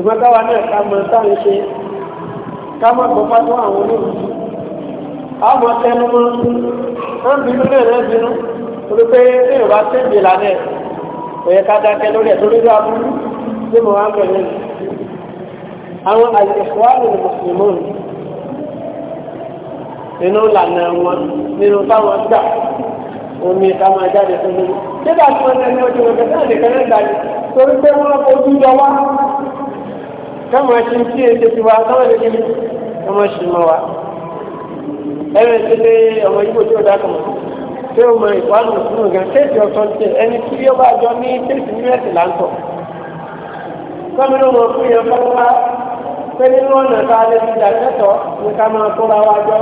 ṣùgbọ́n káwa náà ká mọ táwọn ṣe ká mọ gbọ́pá tó àwọn olóòtú àwọn ọmọ tẹnu mọ́ wọn bínú náà náà bínú torí pé ní ìwà tẹ̀lé lánà ẹ̀ kò yẹ ká dákẹ́ lórí ẹ̀ torí bí aburú bí mo wá ń bẹ̀rẹ̀ nù àwọn àyẹ̀fọ́ àwọn mùsùlùmí nínú ìlànà wọn nínú táwọn gbà omi táwọn jáde fún mi. nígbà tí wọ́n tẹ̀lé ojú wọn tẹ̀lé àdìkẹ́ náà dàní torí pé wọ́n fojú yọ wá káwọn ẹṣin tí èdè ti wá káwọn ẹṣin kìíní ọmọ ṣì mọ wa ẹrẹ ti lé ọmọ yìí kò tí ó dá kàn tí ó mọ ìwádìí òfin ògàn kéèsì ọ̀tọ̀ ti ẹni tí yóò bá jọ ní kéèsì ní mẹ́sì láńtọ̀ kọ́mínú ọmọ fún yẹn fọ́nká pé nínú ọ̀nà tá a lè fi dàgbẹ́tọ̀ ní ká máa kóra wa jọ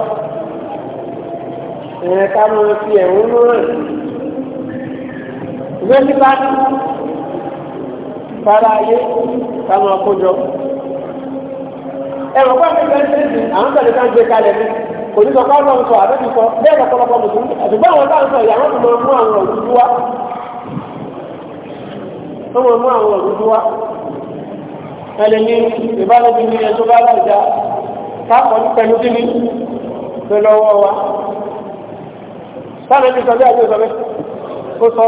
ìyẹn ká máa fi ẹ̀hónú rẹ̀ ìwé nípa fara ayé ká kó jọ. ẹ̀rọ pé àti ìgbà ṣe ń àwọn ka ndị ń kalẹ̀ ní kò ní sọ̀kọ́ ọ̀nà sọ àbẹ́bí sọ bẹ́ẹ̀ lọ́pọ̀lọpọ̀ mùsùlùmí àtùgbọ́n àwọn táwọn sọ ìyàwó tó máa mú àwọn wá máa mú àwọn wá ní ìbálòpọ̀ ní ẹjọ́ bá láìjà káàpọ̀ pẹ̀lú wa sọ bí àjọ ó sọ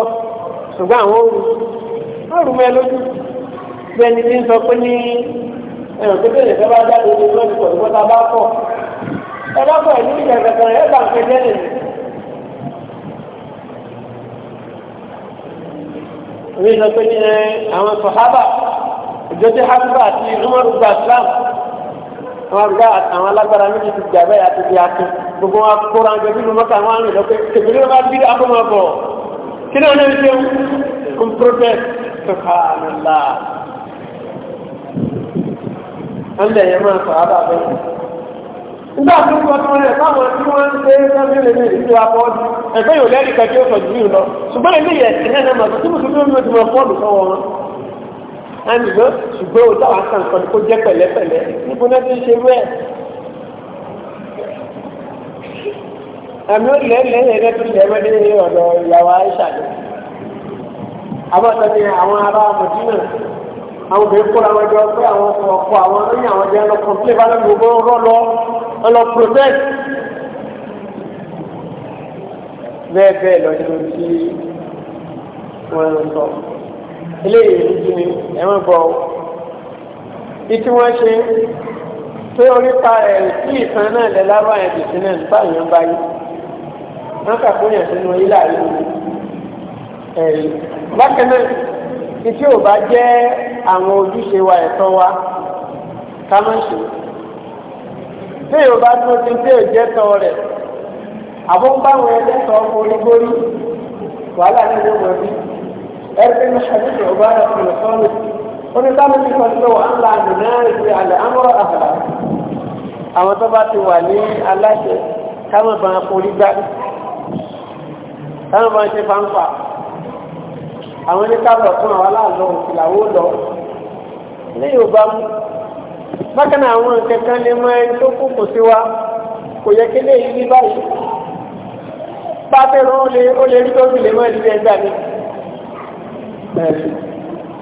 ẹ̀rọ tó bẹ̀rẹ̀ fẹ́ bá jáde ní lọ́dún pọ̀ nípa tá a bá kọ̀ ẹ bá kọ̀ ẹ̀mí ìjà ìgbà kan ẹ̀ bá ń pẹ́ jẹ́lẹ̀ orí sọ pé ní àwọn sọ̀hábà ìjọ tí hafiba àti umaru gba islam àwọn àgbà àwọn alágbára méjì ti jà bẹ́ẹ̀ àti ti akin gbogbo wọn kóra ọjọ́ bí lùmọ́ta wọn rìn lọ pé kèmí ló bá bí akọ́mọ bọ̀ kí ni wọn lè ṣe wọ́n lẹ̀ yẹn máa sọ àbá bẹ́ẹ̀. nígbà tó ń gbọ́dọ̀ rẹ̀ báwọn tí wọ́n ń ṣe lọ́sílẹ̀ ní ìlú abọ́ọ̀dù ẹ̀fẹ́ yóò lẹ́rìí kan tí ó sọ yìí lọ ṣùgbọ́n ilé yẹn ti náà máa tó mùsùlùmí ó ti máa fọ́ọ̀lù sọ́wọ́ wọn. a ń gbọ́ ṣùgbọ́n o táwọn kan kan kó jẹ́ pẹ̀lẹ́pẹ̀lẹ́ níbo náà ti ń ṣe wẹ́ẹ̀. àmì ó lẹ́ẹ̀lẹ́yìn ẹ̀rẹ́ àwọn obìnrin kóra wọn jọ pé àwọn ọkọ àwọn ní àwọn jẹ lọ kọ̀ǹpilé bá lọ́nà gbogbo rọ́ lọ ọlọ protest. bẹ́ẹ̀ bẹ́ẹ̀ lọ nínú tí wọ́n ń sọ eléyìí ti ní ẹ̀wọ̀n bọ̀ ìtí wọ́n ṣe pé orípa ẹ̀ sí ìtàn náà lẹ́ lábàá ẹ̀ tètè náà nípa ìyẹn báyìí wọ́n kà fún yàn sínú ilé àìlú ẹ̀rí bákan náà títí ò bá jẹ́ àwọn ojúṣe wa ẹ̀tọ́ wa ká má ṣe tí ò bá tó ti tí ò jẹ́ tọ́ rẹ̀ àbúgbàwọn ẹlẹ́tọ̀ ọmọ onígbórí wàhálà ní ìlú wọn bí ẹgbẹ́ ní ṣàdúgbò ọba ẹ̀kọ́ sọ́ọ̀lù oníkàmù ti kọ́ sí wọn ńlá àdùnnà ìgbé àlẹ́ àmọ́rọ̀ àhàlà àwọn tó bá ti wà ní aláṣẹ káwọn bá ń forí gbá káwọn bá ń ṣe fáńfà àwọn oníkàtọ̀ fún àwọn aláàlọ́ òfìlàwó lọ ní yorùbá mú bákan náà àwọn kankan lè mọ ẹni tó kú kò sí wa kò yẹ kí léyìí rí báyìí pátẹ́rù ó lè rí tó fi lè mọ ẹni bí ẹgbẹ́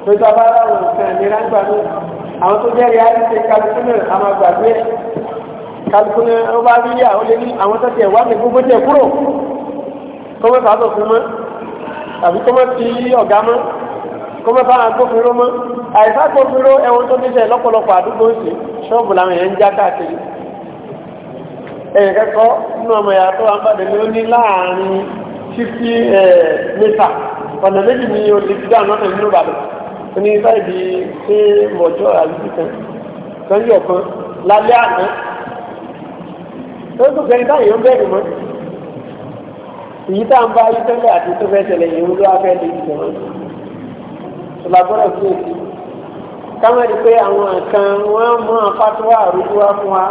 mi tó tó bá ráwọn nǹkan ìlera ń gbà mí àwọn tó jẹ́rìí àìsí kálukúnà àmà gbàgbé kálukúnà ó bá rí yà ó rí àwọn tó tiẹ̀ wá mi gbogbo tiẹ̀ kúrò kọ́mọ́tà tó fún mọ́ tàbí kọ́mọ́ ti ọ̀gá mọ́ kọ́mọ́ bá agbófinró mọ́ àìsá agbófinró ẹ̀wọ̀n tó díṣẹ́ lọ́pọ̀lọpọ̀ àdúgbò sí ṣọ́ọ̀bù làwọn èèyàn ń já káàkiri ẹ̀yìn kẹ́kọ́ nínú ọmọ ìyá tó wà ń bàdé ní ó ní láàárín fifty mítà ọ̀nà méjì ni o lè fi dá àná nínú ìbàdàn ó ní sáìdì ṣé mọ̀jọ́ àbíkí kan kan yọ̀ kan lálẹ́ àná ó tún kẹ́rin táyà ń bẹ̀rù mọ́ èyí tá à ń bá yí tẹ́lẹ̀ àti tó fẹ́ tẹ̀lẹ̀ yìí ló wá fẹ́ lè jù wọ́n ṣùgbọ́n sí èsì káwọn ẹni pé àwọn kan wọ́n mú afátíwá àrùkú wá fún wa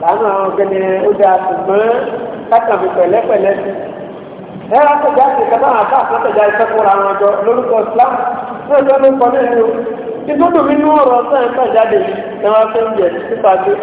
lánàá àwọn gẹ́gẹ́ ó dáa ṣùgbọ́n kákan fi pẹ̀lẹ́pẹ̀lẹ́ sí ẹ látọ̀já sí ìkàtà àwọn afá àtọ̀já ìfẹ́kọ̀ọ́ àwọn ọjọ́ lórúkọ Islam fún ọjọ́ ló ń kọ́ nínú ìgbódò mi ní ọ̀rọ̀ sẹ́yìn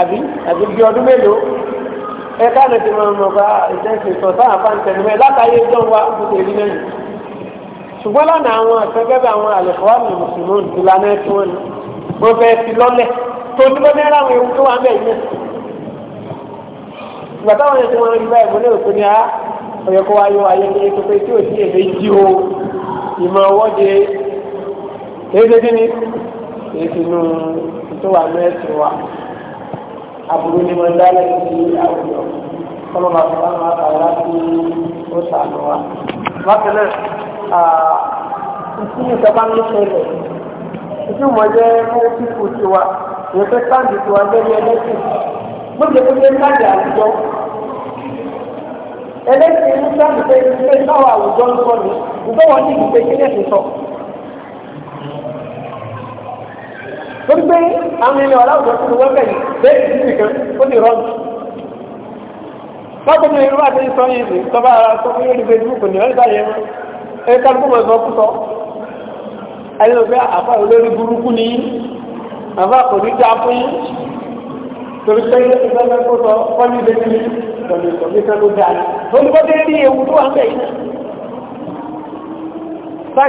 àbí àbí bí ọdún mélòó ẹ káàdì tí wọn mọ bá ìjẹsìn sọ sáà bá ń tẹnu mẹ látàyè jọ wa ń tètè rí lẹ́yìn ṣùgbọ́n lánàá àwọn àfẹ́gẹ́ bí àwọn àlẹ́kọ̀ọ́ àmì mùsùlùmí ìlànà ẹ̀sìn wọn ni wọ́n fẹ́ ti lọ́lẹ̀ tó dúró ní ara ewu tó wà ń bẹ̀ yìí ìgbà táwọn ẹ̀sìn wọn rí báyìí mo ní òkú ni a ọ̀yọ́ kó wáyé wáyé ní ètò pé tí ò sí èdè jí o ìmọ̀ ọwọ́de èdè kí ni èsì nù tó wà ní ẹ̀sìn wa aburú ni wọ́n dálẹ̀ sí àwùjọ kọ́lọ́ máa fún àwọn àtàrà tí ó sànù wa. bákẹ́lẹ̀ ìsí ìjọba ń ṣẹlẹ̀ ìsí mọ̀ jẹ́ mẹ́rẹ́tìkù tiwa ìyẹn fẹ́ sáǹdì tiwa lórí ẹlẹ́sìn gbọ́dọ̀ tó yẹ káàdì àwùjọ ẹlẹ́sìn ní sáǹdì tẹ́lẹ̀ ní sáwọ àwùjọ ń sọ ní ìgbọ́wọ́ ní ìgbésí ẹ̀sìn sọ. torí pé àwọn ilé ọ̀la òjò tuntun wọ́n bẹ̀yìn bẹ́ẹ̀ ti ti kan ó ti rọ́ọ̀nù. lọ́kùn mi irú àti sọ yìí ní tọ́ba ara sọ fún yóò Facebook ní ọ̀rẹ́ta yẹn mọ́ ẹ kálukú mọ̀ sọ kú sọ. ayé ló fẹ́ àfa olórí burúkú ni àfa kò ní dáa fún yín torí pé ìgbà náà kó sọ wọ́n ní bẹ́ẹ̀ ní ìtọ́lẹ̀ ìtọ́lẹ̀ kan ló dáa. olùkọ́dé rí ewu tó wà ń bẹ̀yìn náà. sáà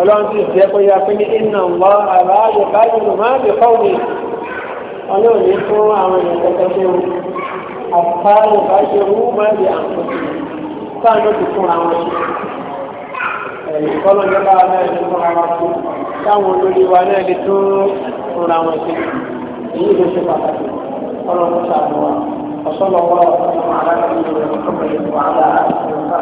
ọlọ́run sì jẹ́ pé ya pé ní iná wá ara ayọ̀ báyìí ló máa bẹ̀ fọ́ mi ọlọ́run ní fún àwọn èèyàn kẹta tó ń àpárò bá ṣe wú máa bẹ̀ àǹkọ́ sáà ló ti fún àwọn ẹ̀yìn kọ́lọ́ ní bá wa náà ní fún ara fún táwọn olórí wa náà lè tó fún àwọn ṣe èyí ló ṣe pàtàkì ọlọ́run ṣàánú wa ọ̀ṣọ́ lọ́wọ́ ọ̀ṣọ́